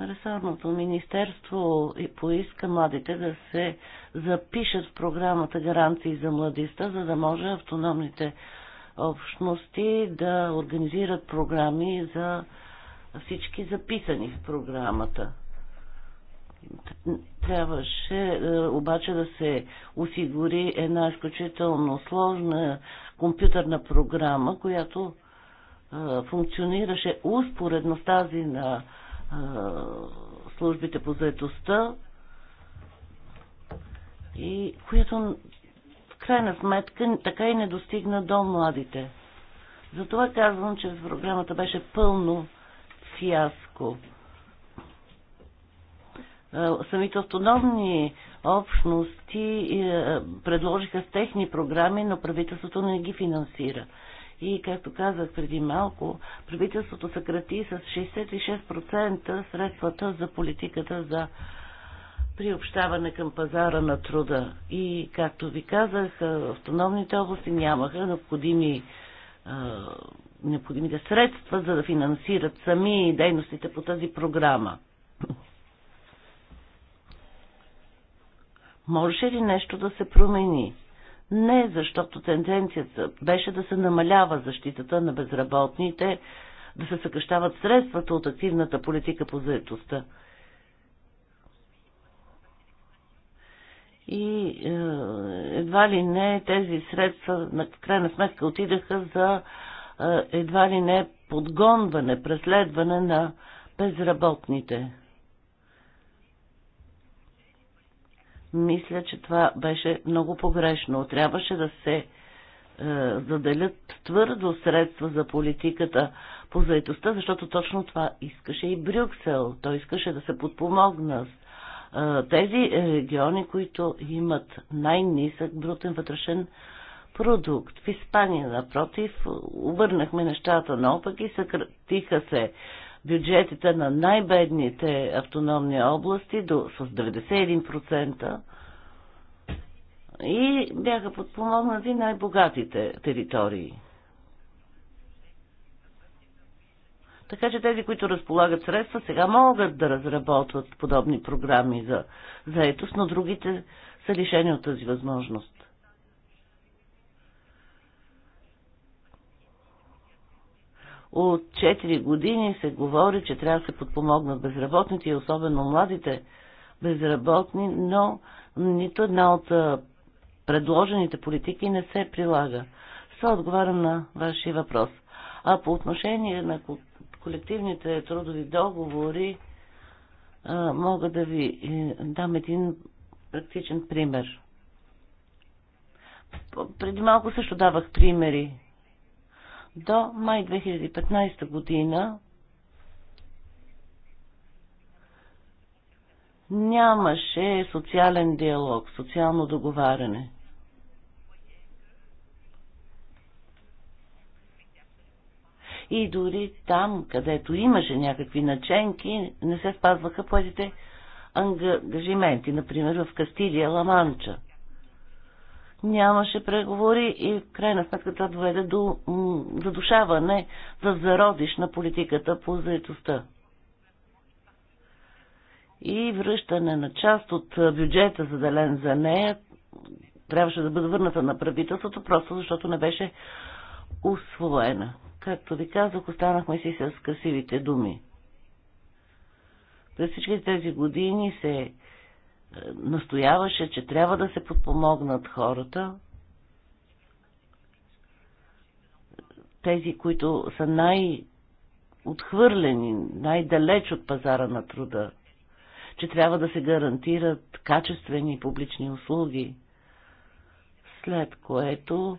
Ресорното министерство поиска младите да се запишат в програмата гаранции за младиста, за да може автономните общности да организират програми за всички записани в програмата. Трябваше е, обаче да се осигури една изключително сложна компютърна програма, която а, функционираше успоредно с тази на а, службите по заедостта и която в крайна сметка така и не достигна до младите. Затова казвам, че програмата беше пълно фиаско. Самите автономни общности е, предложиха с техни програми, но правителството не ги финансира. И, както казах преди малко, правителството съкрати с 66% средствата за политиката за приобщаване към пазара на труда. И, както ви казах, е, автономните области нямаха необходими е, необходимите средства, за да финансират сами дейностите по тази програма. Можеше ли нещо да се промени? Не, защото тенденцията беше да се намалява защитата на безработните, да се съкъщават средствата от активната политика по заедостта. И е, едва ли не тези средства на крайна сметка отидаха за е, едва ли не подгонване, преследване на безработните. Мисля, че това беше много погрешно. Трябваше да се е, заделят твърдо средства за политиката по заедостта, защото точно това искаше и Брюксел. Той искаше да се подпомогна е, тези региони, които имат най-нисък брутен вътрешен продукт. В Испания, напротив, обърнахме нещата наопак и съкратиха се бюджетите на най-бедните автономни области до, с 91% и бяха подпомогнати най-богатите територии. Така че тези, които разполагат средства, сега могат да разработват подобни програми за заетост, но другите са лишени от тази възможност. От 4 години се говори, че трябва да се подпомогнат безработните и особено младите безработни, но нито една от предложените политики не се прилага. Сега отговарям на вашия въпрос. А по отношение на колективните трудови договори, мога да ви е, дам един практичен пример. Преди малко също давах примери до май 2015 година нямаше социален диалог, социално договаряне. И дори там, където имаше някакви наченки, не се спазваха поетите ангажименти, например в Кастилия Ламанча нямаше преговори и в крайна сметка това доведе до задушаване, за зародиш на политиката по заедостта. И връщане на част от бюджета, заделен за нея, трябваше да бъде върната на правителството, просто защото не беше усвоена. Както ви казах, останахме си с красивите думи. През всички тези години се е, настояваше, че трябва да се подпомогнат хората, тези, които са най-отхвърлени, най-далеч от пазара на труда, че трябва да се гарантират качествени публични услуги, след което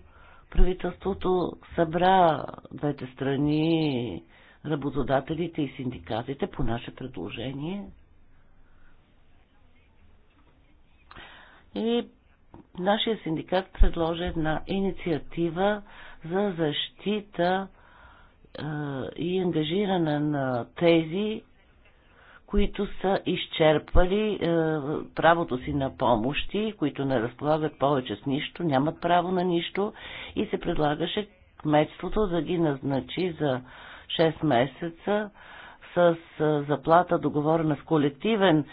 правителството събра двете страни, работодателите и синдикатите по наше предложение – И нашия синдикат предложи една инициатива за защита е, и ангажиране на тези, които са изчерпали е, правото си на помощи, които не разполагат повече с нищо, нямат право на нищо и се предлагаше кметството да ги назначи за 6 месеца с заплата договорена с колективен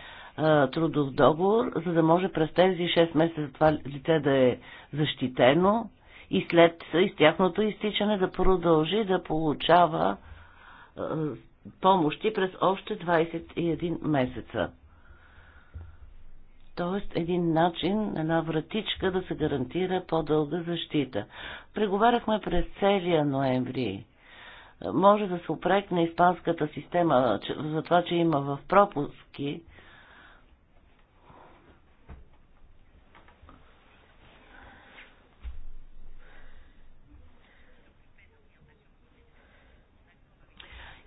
трудов договор, за да може през тези 6 месеца това лице да е защитено и след изтяхното изтичане да продължи да получава помощи през още 21 месеца. Тоест един начин, една вратичка да се гарантира по-дълга защита. Преговаряхме през целия ноември. Може да се опрекне испанската система за това, че има в пропуски,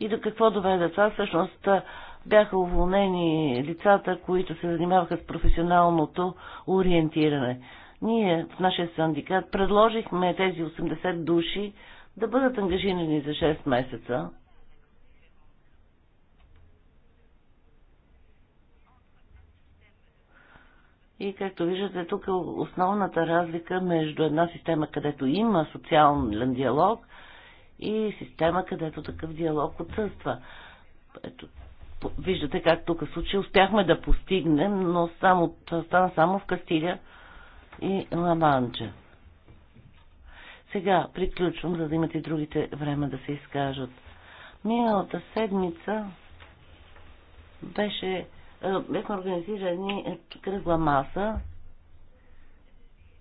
и до какво доведе това. Всъщност бяха уволнени лицата, които се занимаваха с професионалното ориентиране. Ние в нашия синдикат предложихме тези 80 души да бъдат ангажирани за 6 месеца. И както виждате, тук е основната разлика между една система, където има социален диалог – и система, където такъв диалог отсъства. Ето, виждате как тук в случай успяхме да постигнем, но само, стана само в Кастилия и Ламанджа. Сега приключвам, за да имат и другите време да се изкажат. Миналата седмица беше е, бяхме организирани е, кръгла маса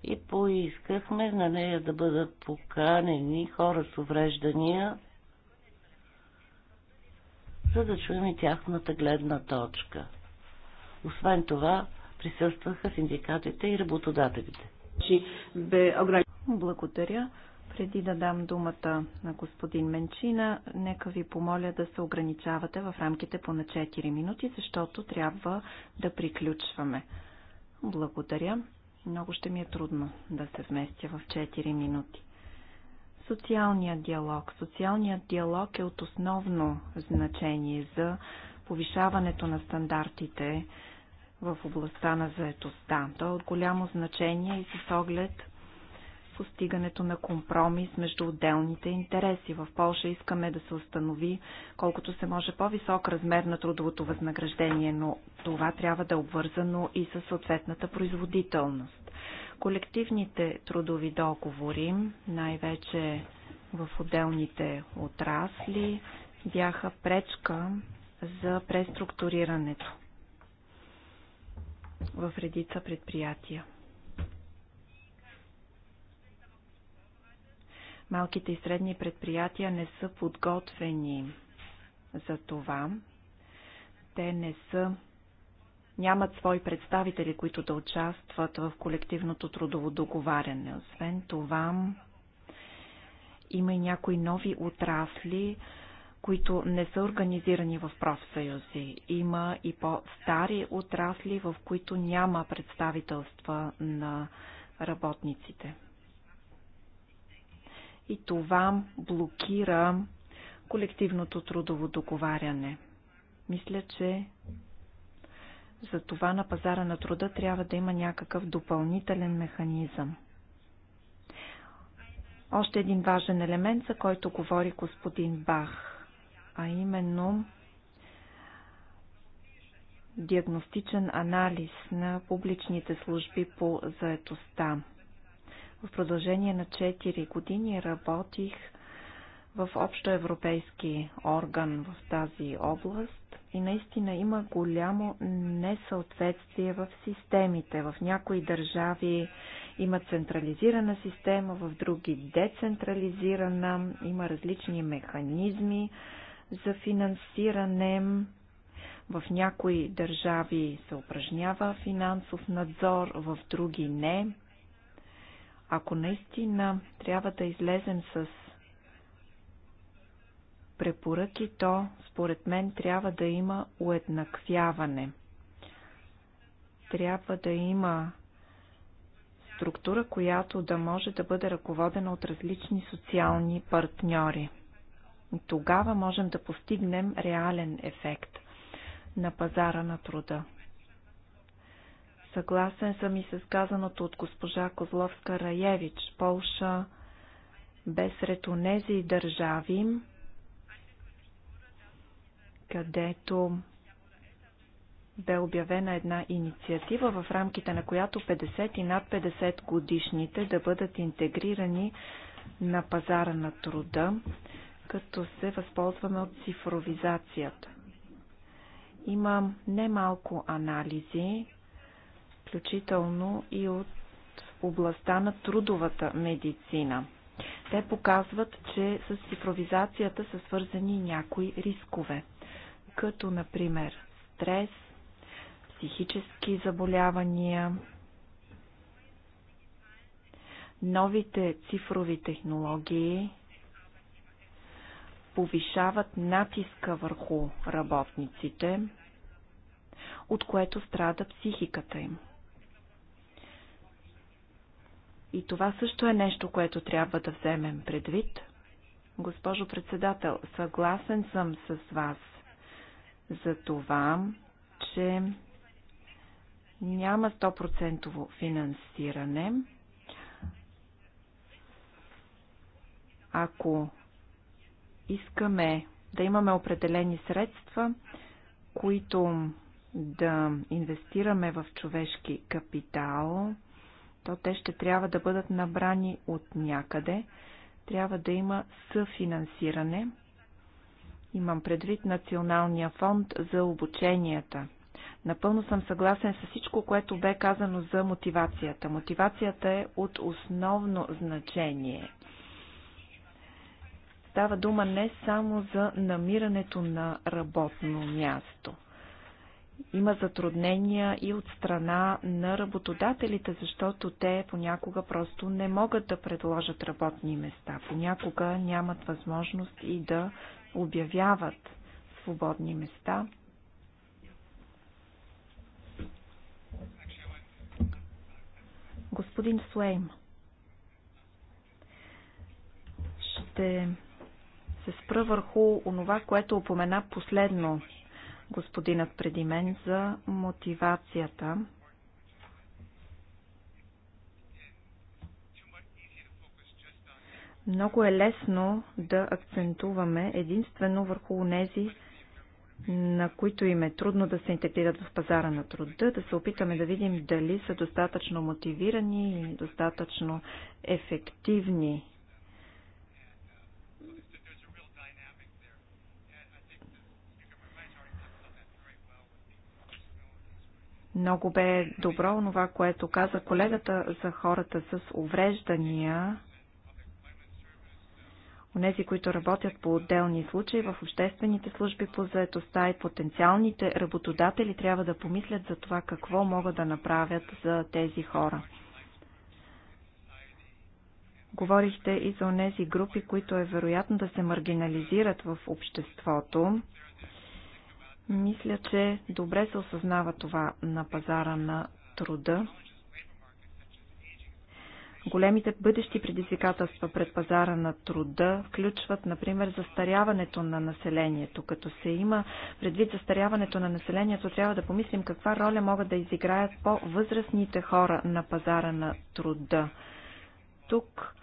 и поискахме на нея да бъдат поканени хора с увреждания, за да чуем и тяхната гледна точка. Освен това, присъстваха синдикатите и работодателите. Благодаря. Преди да дам думата на господин Менчина, нека ви помоля да се ограничавате в рамките по на 4 минути, защото трябва да приключваме. Благодаря. Много ще ми е трудно да се вместя в 4 минути. Социалният диалог. Социалният диалог е от основно значение за повишаването на стандартите в областта на заетостта. Той е от голямо значение и с оглед постигането на компромис между отделните интереси. В Польша искаме да се установи колкото се може по-висок размер на трудовото възнаграждение, но това трябва да е обвързано и със съответната производителност. Колективните трудови договори, най-вече в отделните отрасли, бяха пречка за преструктурирането в редица предприятия. Малките и средни предприятия не са подготвени за това. Те не са нямат свои представители, които да участват в колективното трудово договаряне. Освен това, има и някои нови отрасли, които не са организирани в профсъюзи. Има и по-стари отрасли, в които няма представителства на работниците и това блокира колективното трудово договаряне. Мисля, че за това на пазара на труда трябва да има някакъв допълнителен механизъм. Още един важен елемент, за който говори господин Бах, а именно диагностичен анализ на публичните служби по заетостта. В продължение на 4 години работих в общоевропейски орган в тази област и наистина има голямо несъответствие в системите. В някои държави има централизирана система, в други децентрализирана, има различни механизми за финансиране. В някои държави се упражнява финансов надзор, в други не. Ако наистина трябва да излезем с препоръки, то според мен трябва да има уеднаквяване. Трябва да има структура, която да може да бъде ръководена от различни социални партньори. Тогава можем да постигнем реален ефект на пазара на труда. Съгласен съм и с казаното от госпожа Козловска Раевич. Полша бе сред онези държави, където бе обявена една инициатива, в рамките на която 50 и над 50 годишните да бъдат интегрирани на пазара на труда, като се възползваме от цифровизацията. Има немалко анализи, включително и от областта на трудовата медицина. Те показват, че с цифровизацията са свързани някои рискове, като например стрес, психически заболявания, новите цифрови технологии повишават натиска върху работниците, от което страда психиката им. И това също е нещо, което трябва да вземем предвид. Госпожо председател, съгласен съм с вас за това, че няма 100% финансиране. Ако искаме да имаме определени средства, които да инвестираме в човешки капитал, то те ще трябва да бъдат набрани от някъде. Трябва да има съфинансиране. Имам предвид Националния фонд за обученията. Напълно съм съгласен с всичко, което бе казано за мотивацията. Мотивацията е от основно значение. Става дума не само за намирането на работно място – има затруднения и от страна на работодателите, защото те понякога просто не могат да предложат работни места. Понякога нямат възможност и да обявяват свободни места. Господин Суейм, ще се спра върху онова, което опомена последно господинът преди мен за мотивацията. Много е лесно да акцентуваме единствено върху нези, на които им е трудно да се интегрират в пазара на труда, да се опитаме да видим дали са достатъчно мотивирани и достатъчно ефективни Много бе добро това, което каза колегата за хората с увреждания. Онези, които работят по отделни случаи в обществените служби по заетостта и потенциалните работодатели трябва да помислят за това какво могат да направят за тези хора. Говорихте и за онези групи, които е вероятно да се маргинализират в обществото. Мисля, че добре се осъзнава това на пазара на труда. Големите бъдещи предизвикателства пред пазара на труда включват, например, застаряването на населението. Като се има предвид застаряването на населението, трябва да помислим каква роля могат да изиграят по-възрастните хора на пазара на труда. Тук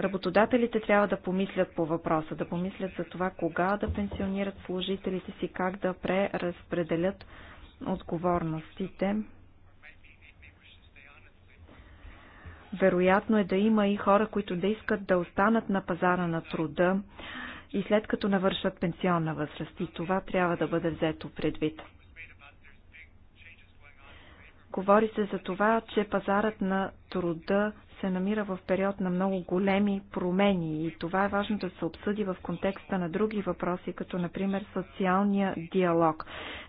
Работодателите трябва да помислят по въпроса, да помислят за това кога да пенсионират служителите си, как да преразпределят отговорностите. Вероятно е да има и хора, които да искат да останат на пазара на труда и след като навършат пенсионна възраст. И това трябва да бъде взето предвид. Говори се за това, че пазарът на труда се намира в период на много големи промени и това е важно да се обсъди в контекста на други въпроси, като например социалния диалог.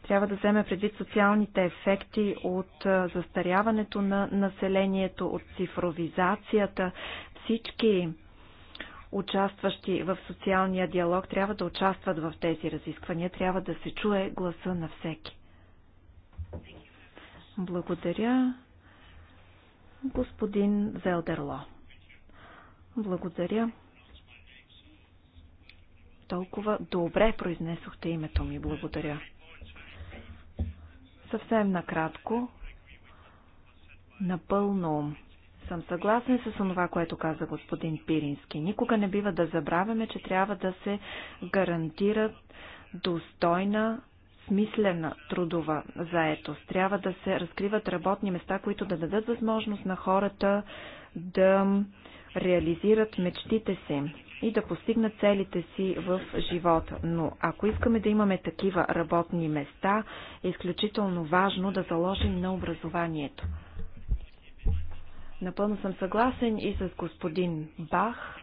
Трябва да вземе предвид социалните ефекти от застаряването на населението, от цифровизацията. Всички участващи в социалния диалог трябва да участват в тези разисквания, трябва да се чуе гласа на всеки. Благодаря господин Велдерло. Благодаря. Толкова добре произнесохте името ми. Благодаря. Съвсем накратко, напълно съм съгласен с това, което каза господин Пирински. Никога не бива да забравяме, че трябва да се гарантират достойна смислена трудова заетост. Трябва да се разкриват работни места, които да дадат възможност на хората да реализират мечтите си и да постигнат целите си в живота. Но ако искаме да имаме такива работни места, е изключително важно да заложим на образованието. Напълно съм съгласен и с господин Бах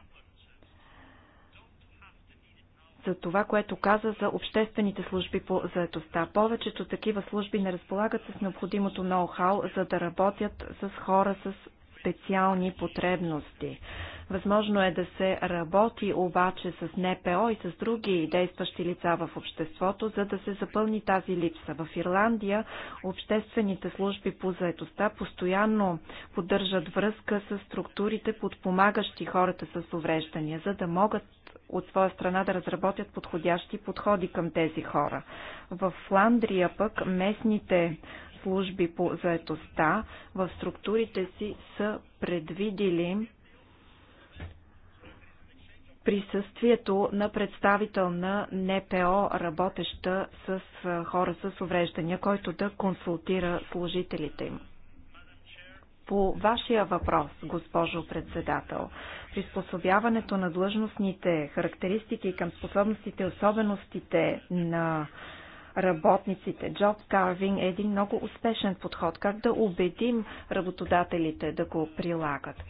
за това, което каза за обществените служби по заедостта. Повечето такива служби не разполагат с необходимото ноу-хау, за да работят с хора с специални потребности. Възможно е да се работи обаче с НПО и с други действащи лица в обществото, за да се запълни тази липса. В Ирландия обществените служби по заедостта постоянно поддържат връзка с структурите, подпомагащи хората с увреждания, за да могат от своя страна да разработят подходящи подходи към тези хора. В Фландрия пък местните служби по заетостта в структурите си са предвидили присъствието на представител на НПО, работеща с хора с увреждания, който да консултира служителите им. По вашия въпрос, госпожо председател, приспособяването на длъжностните характеристики към способностите и особеностите на работниците. Job carving е един много успешен подход. Как да убедим работодателите да го прилагат?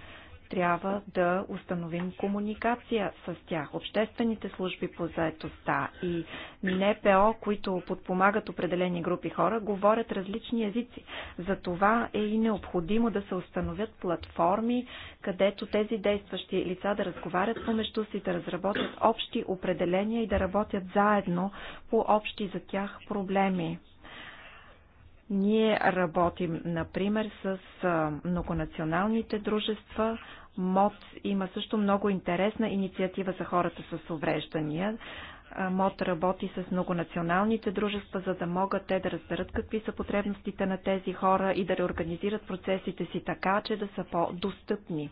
трябва да установим комуникация с тях. Обществените служби по заетостта и НПО, които подпомагат определени групи хора, говорят различни езици. За това е и необходимо да се установят платформи, където тези действащи лица да разговарят помежду си, да разработят общи определения и да работят заедно по общи за тях проблеми. Ние работим, например, с многонационалните дружества. МОД има също много интересна инициатива за хората с увреждания. МОД работи с многонационалните дружества, за да могат те да разберат какви са потребностите на тези хора и да реорганизират процесите си така, че да са по-достъпни.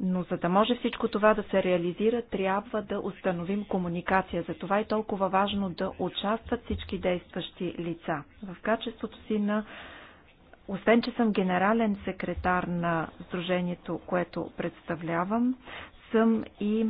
Но за да може всичко това да се реализира, трябва да установим комуникация. Затова е толкова важно да участват всички действащи лица. В качеството си на освен, че съм генерален секретар на Сдружението, което представлявам, съм и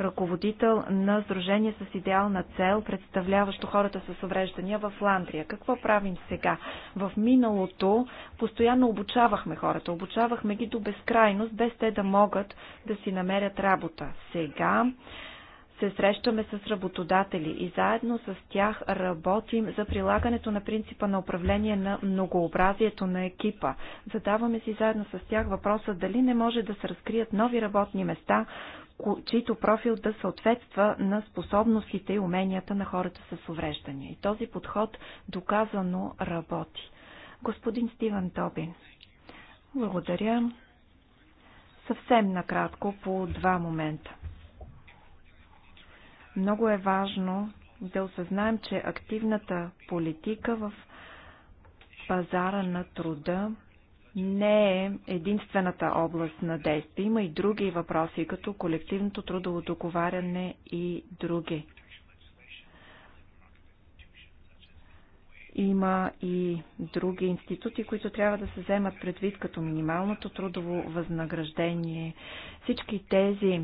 ръководител на Сдружение с идеална цел, представляващо хората с увреждания в Ландрия. Какво правим сега? В миналото постоянно обучавахме хората, обучавахме ги до безкрайност, без те да могат да си намерят работа. Сега се срещаме с работодатели и заедно с тях работим за прилагането на принципа на управление на многообразието на екипа. Задаваме си заедно с тях въпроса дали не може да се разкрият нови работни места чийто профил да съответства на способностите и уменията на хората с увреждания. И този подход доказано работи. Господин Стивен Тобин, благодаря. Съвсем накратко по два момента. Много е важно да осъзнаем, че активната политика в пазара на труда не е единствената област на действие. Има и други въпроси, като колективното трудово договаряне и други. Има и други институти, които трябва да се вземат предвид, като минималното трудово възнаграждение. Всички тези е,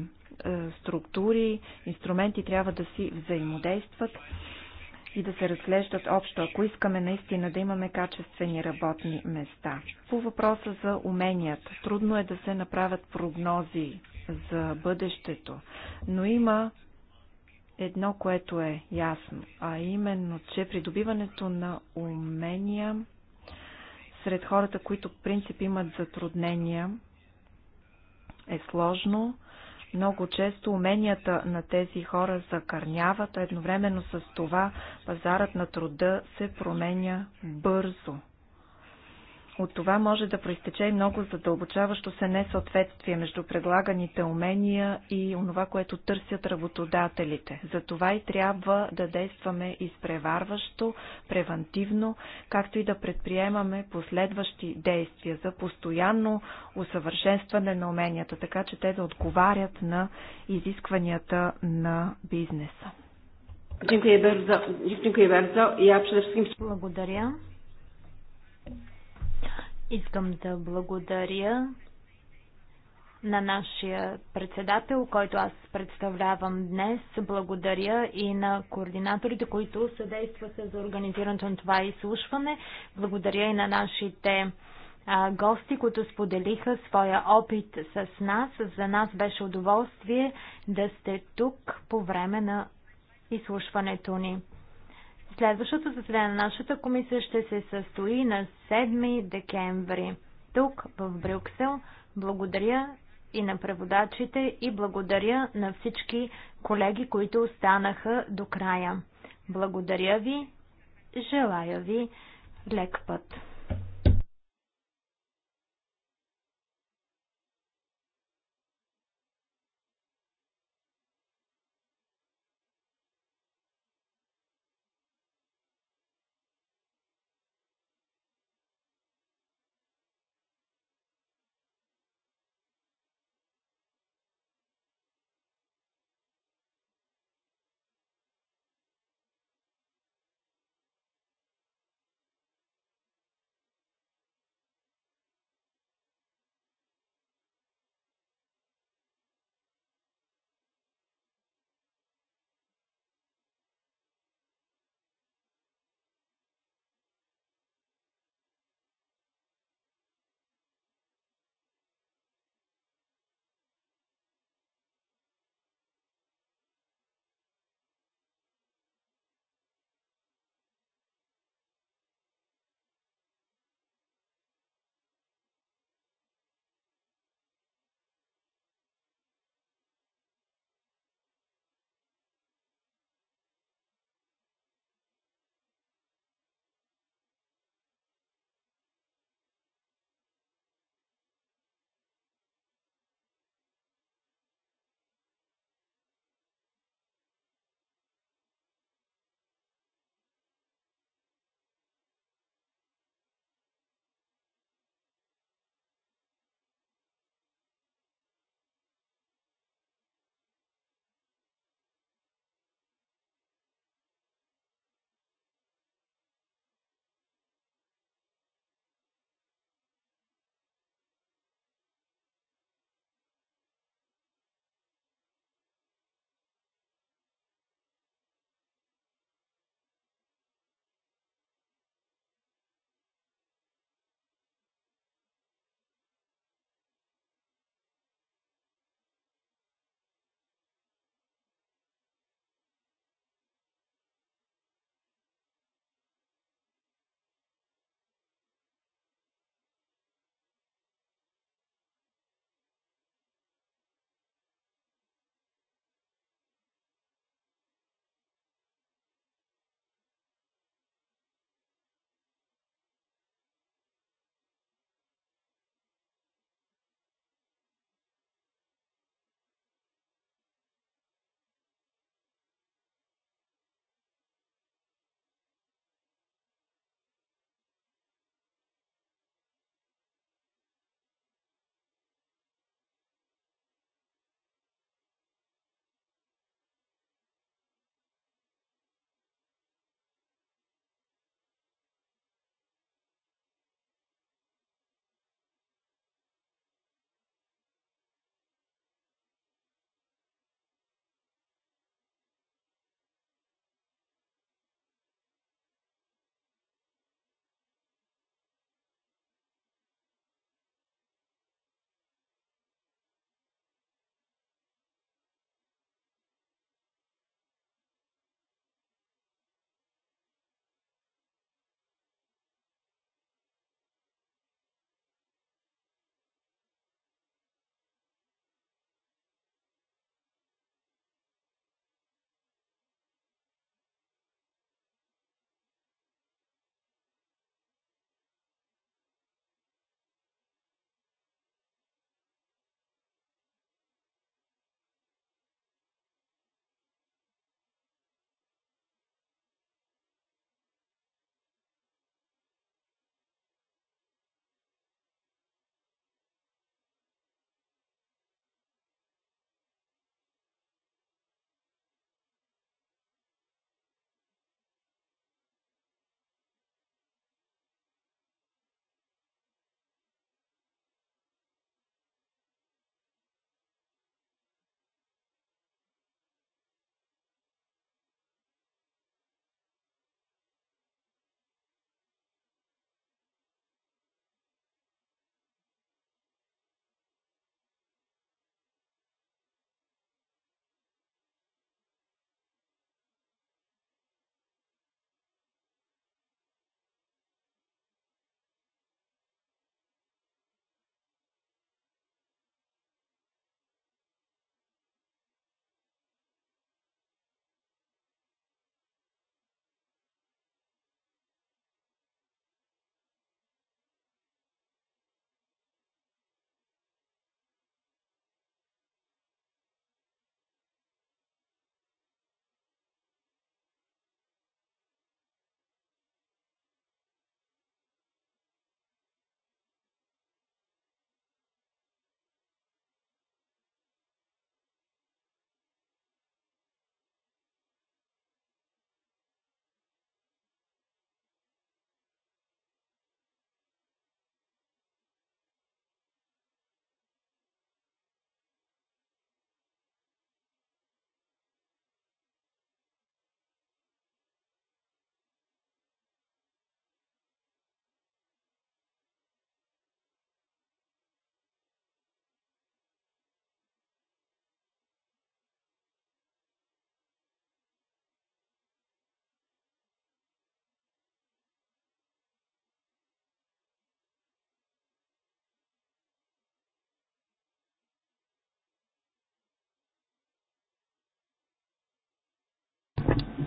структури, инструменти трябва да си взаимодействат и да се разглеждат общо, ако искаме наистина да имаме качествени работни места. По въпроса за уменията, трудно е да се направят прогнози за бъдещето, но има едно, което е ясно, а именно, че придобиването на умения сред хората, които принцип имат затруднения, е сложно, много често уменията на тези хора закърняват, а едновременно с това пазарът на труда се променя бързо. От това може да проистече и много задълбочаващо се несъответствие между предлаганите умения и онова, което търсят работодателите. Затова и трябва да действаме изпреварващо, превантивно, както и да предприемаме последващи действия за постоянно усъвършенстване на уменията, така че те да отговарят на изискванията на бизнеса. Благодаря. Искам да благодаря на нашия председател, който аз представлявам днес. Благодаря и на координаторите, които съдействаха за организирането на това изслушване. Благодаря и на нашите гости, които споделиха своя опит с нас. За нас беше удоволствие да сте тук по време на изслушването ни. Следващото заседание на нашата комисия ще се състои на 7 декември тук в Брюксел. Благодаря и на преводачите и благодаря на всички колеги, които останаха до края. Благодаря ви, желая ви лек път.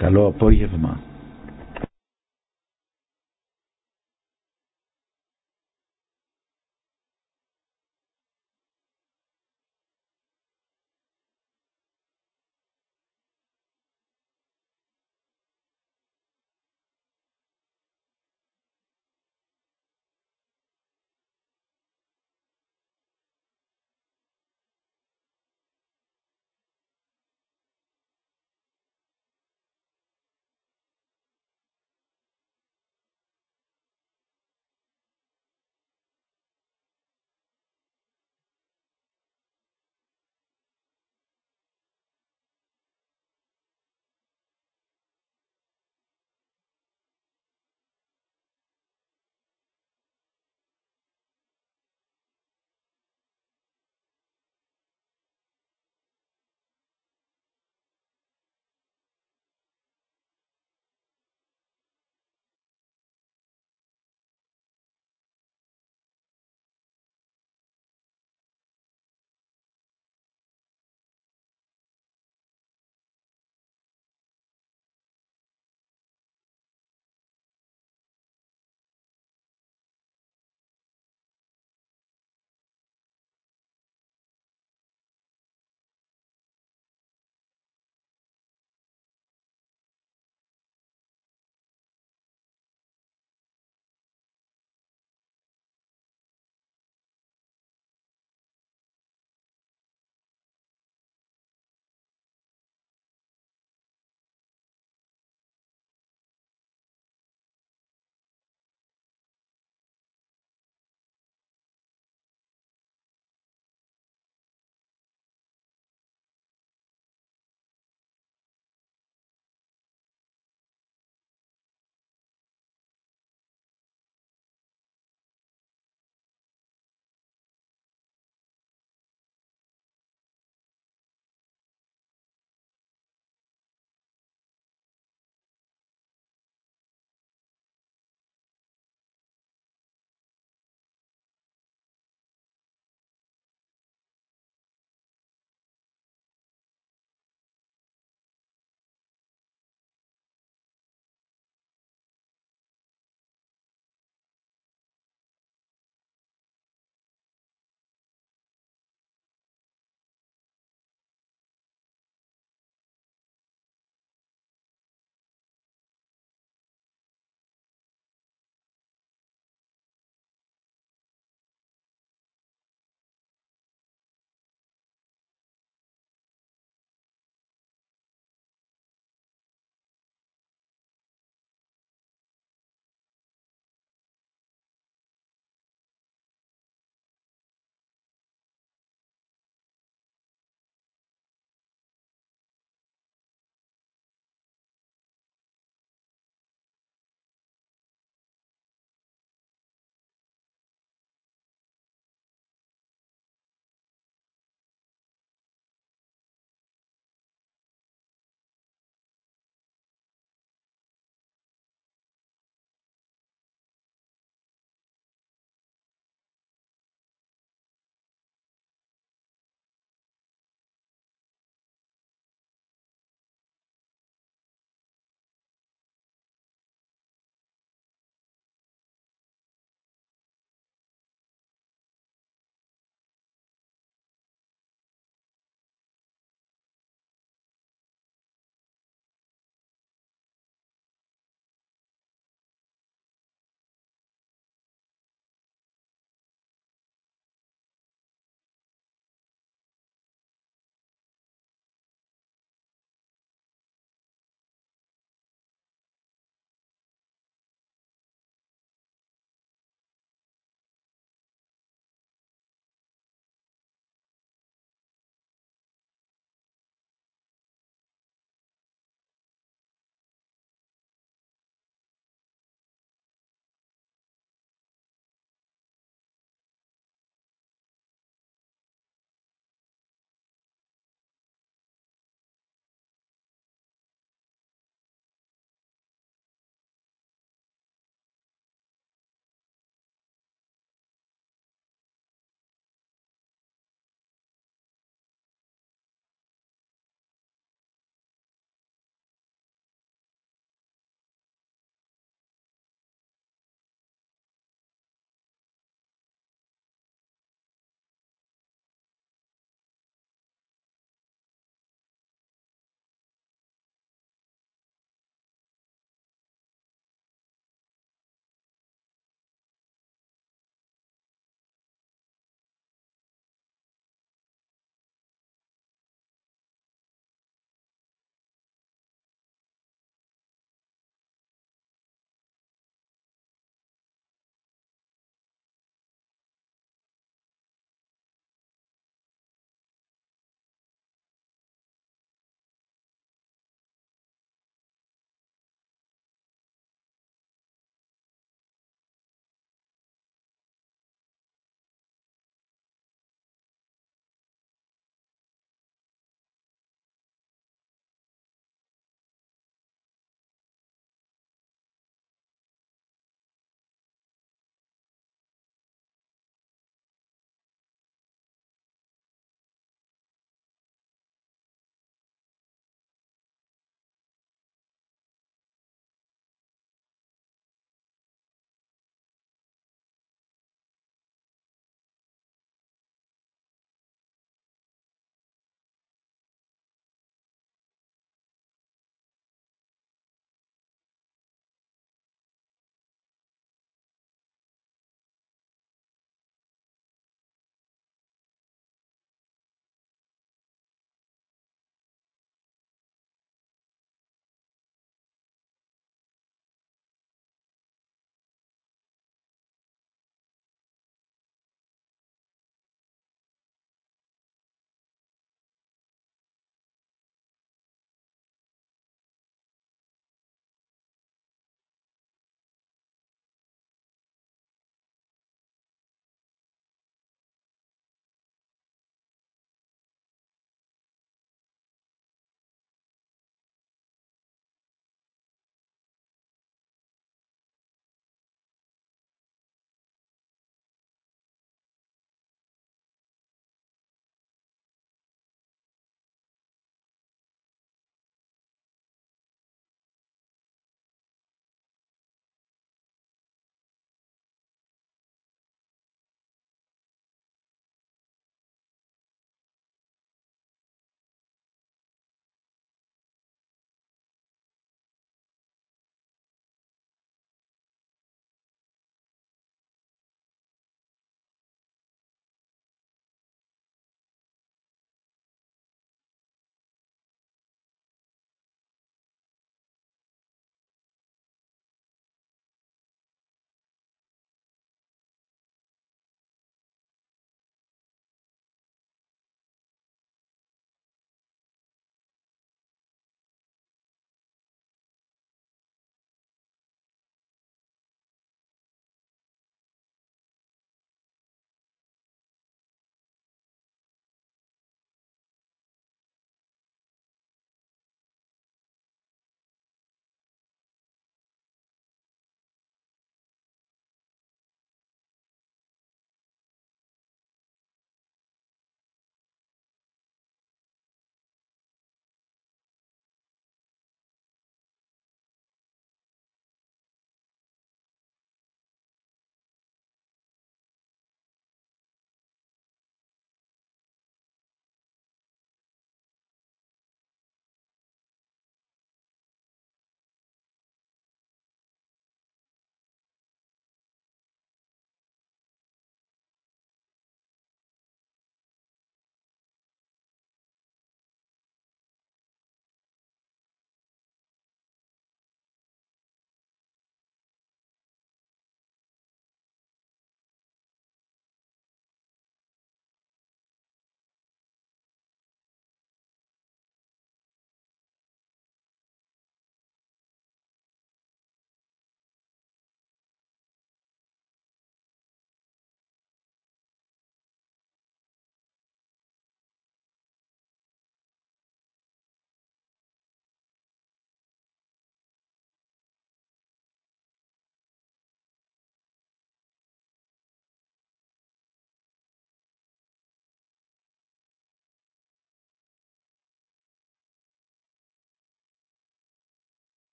Καλό απόγευμα.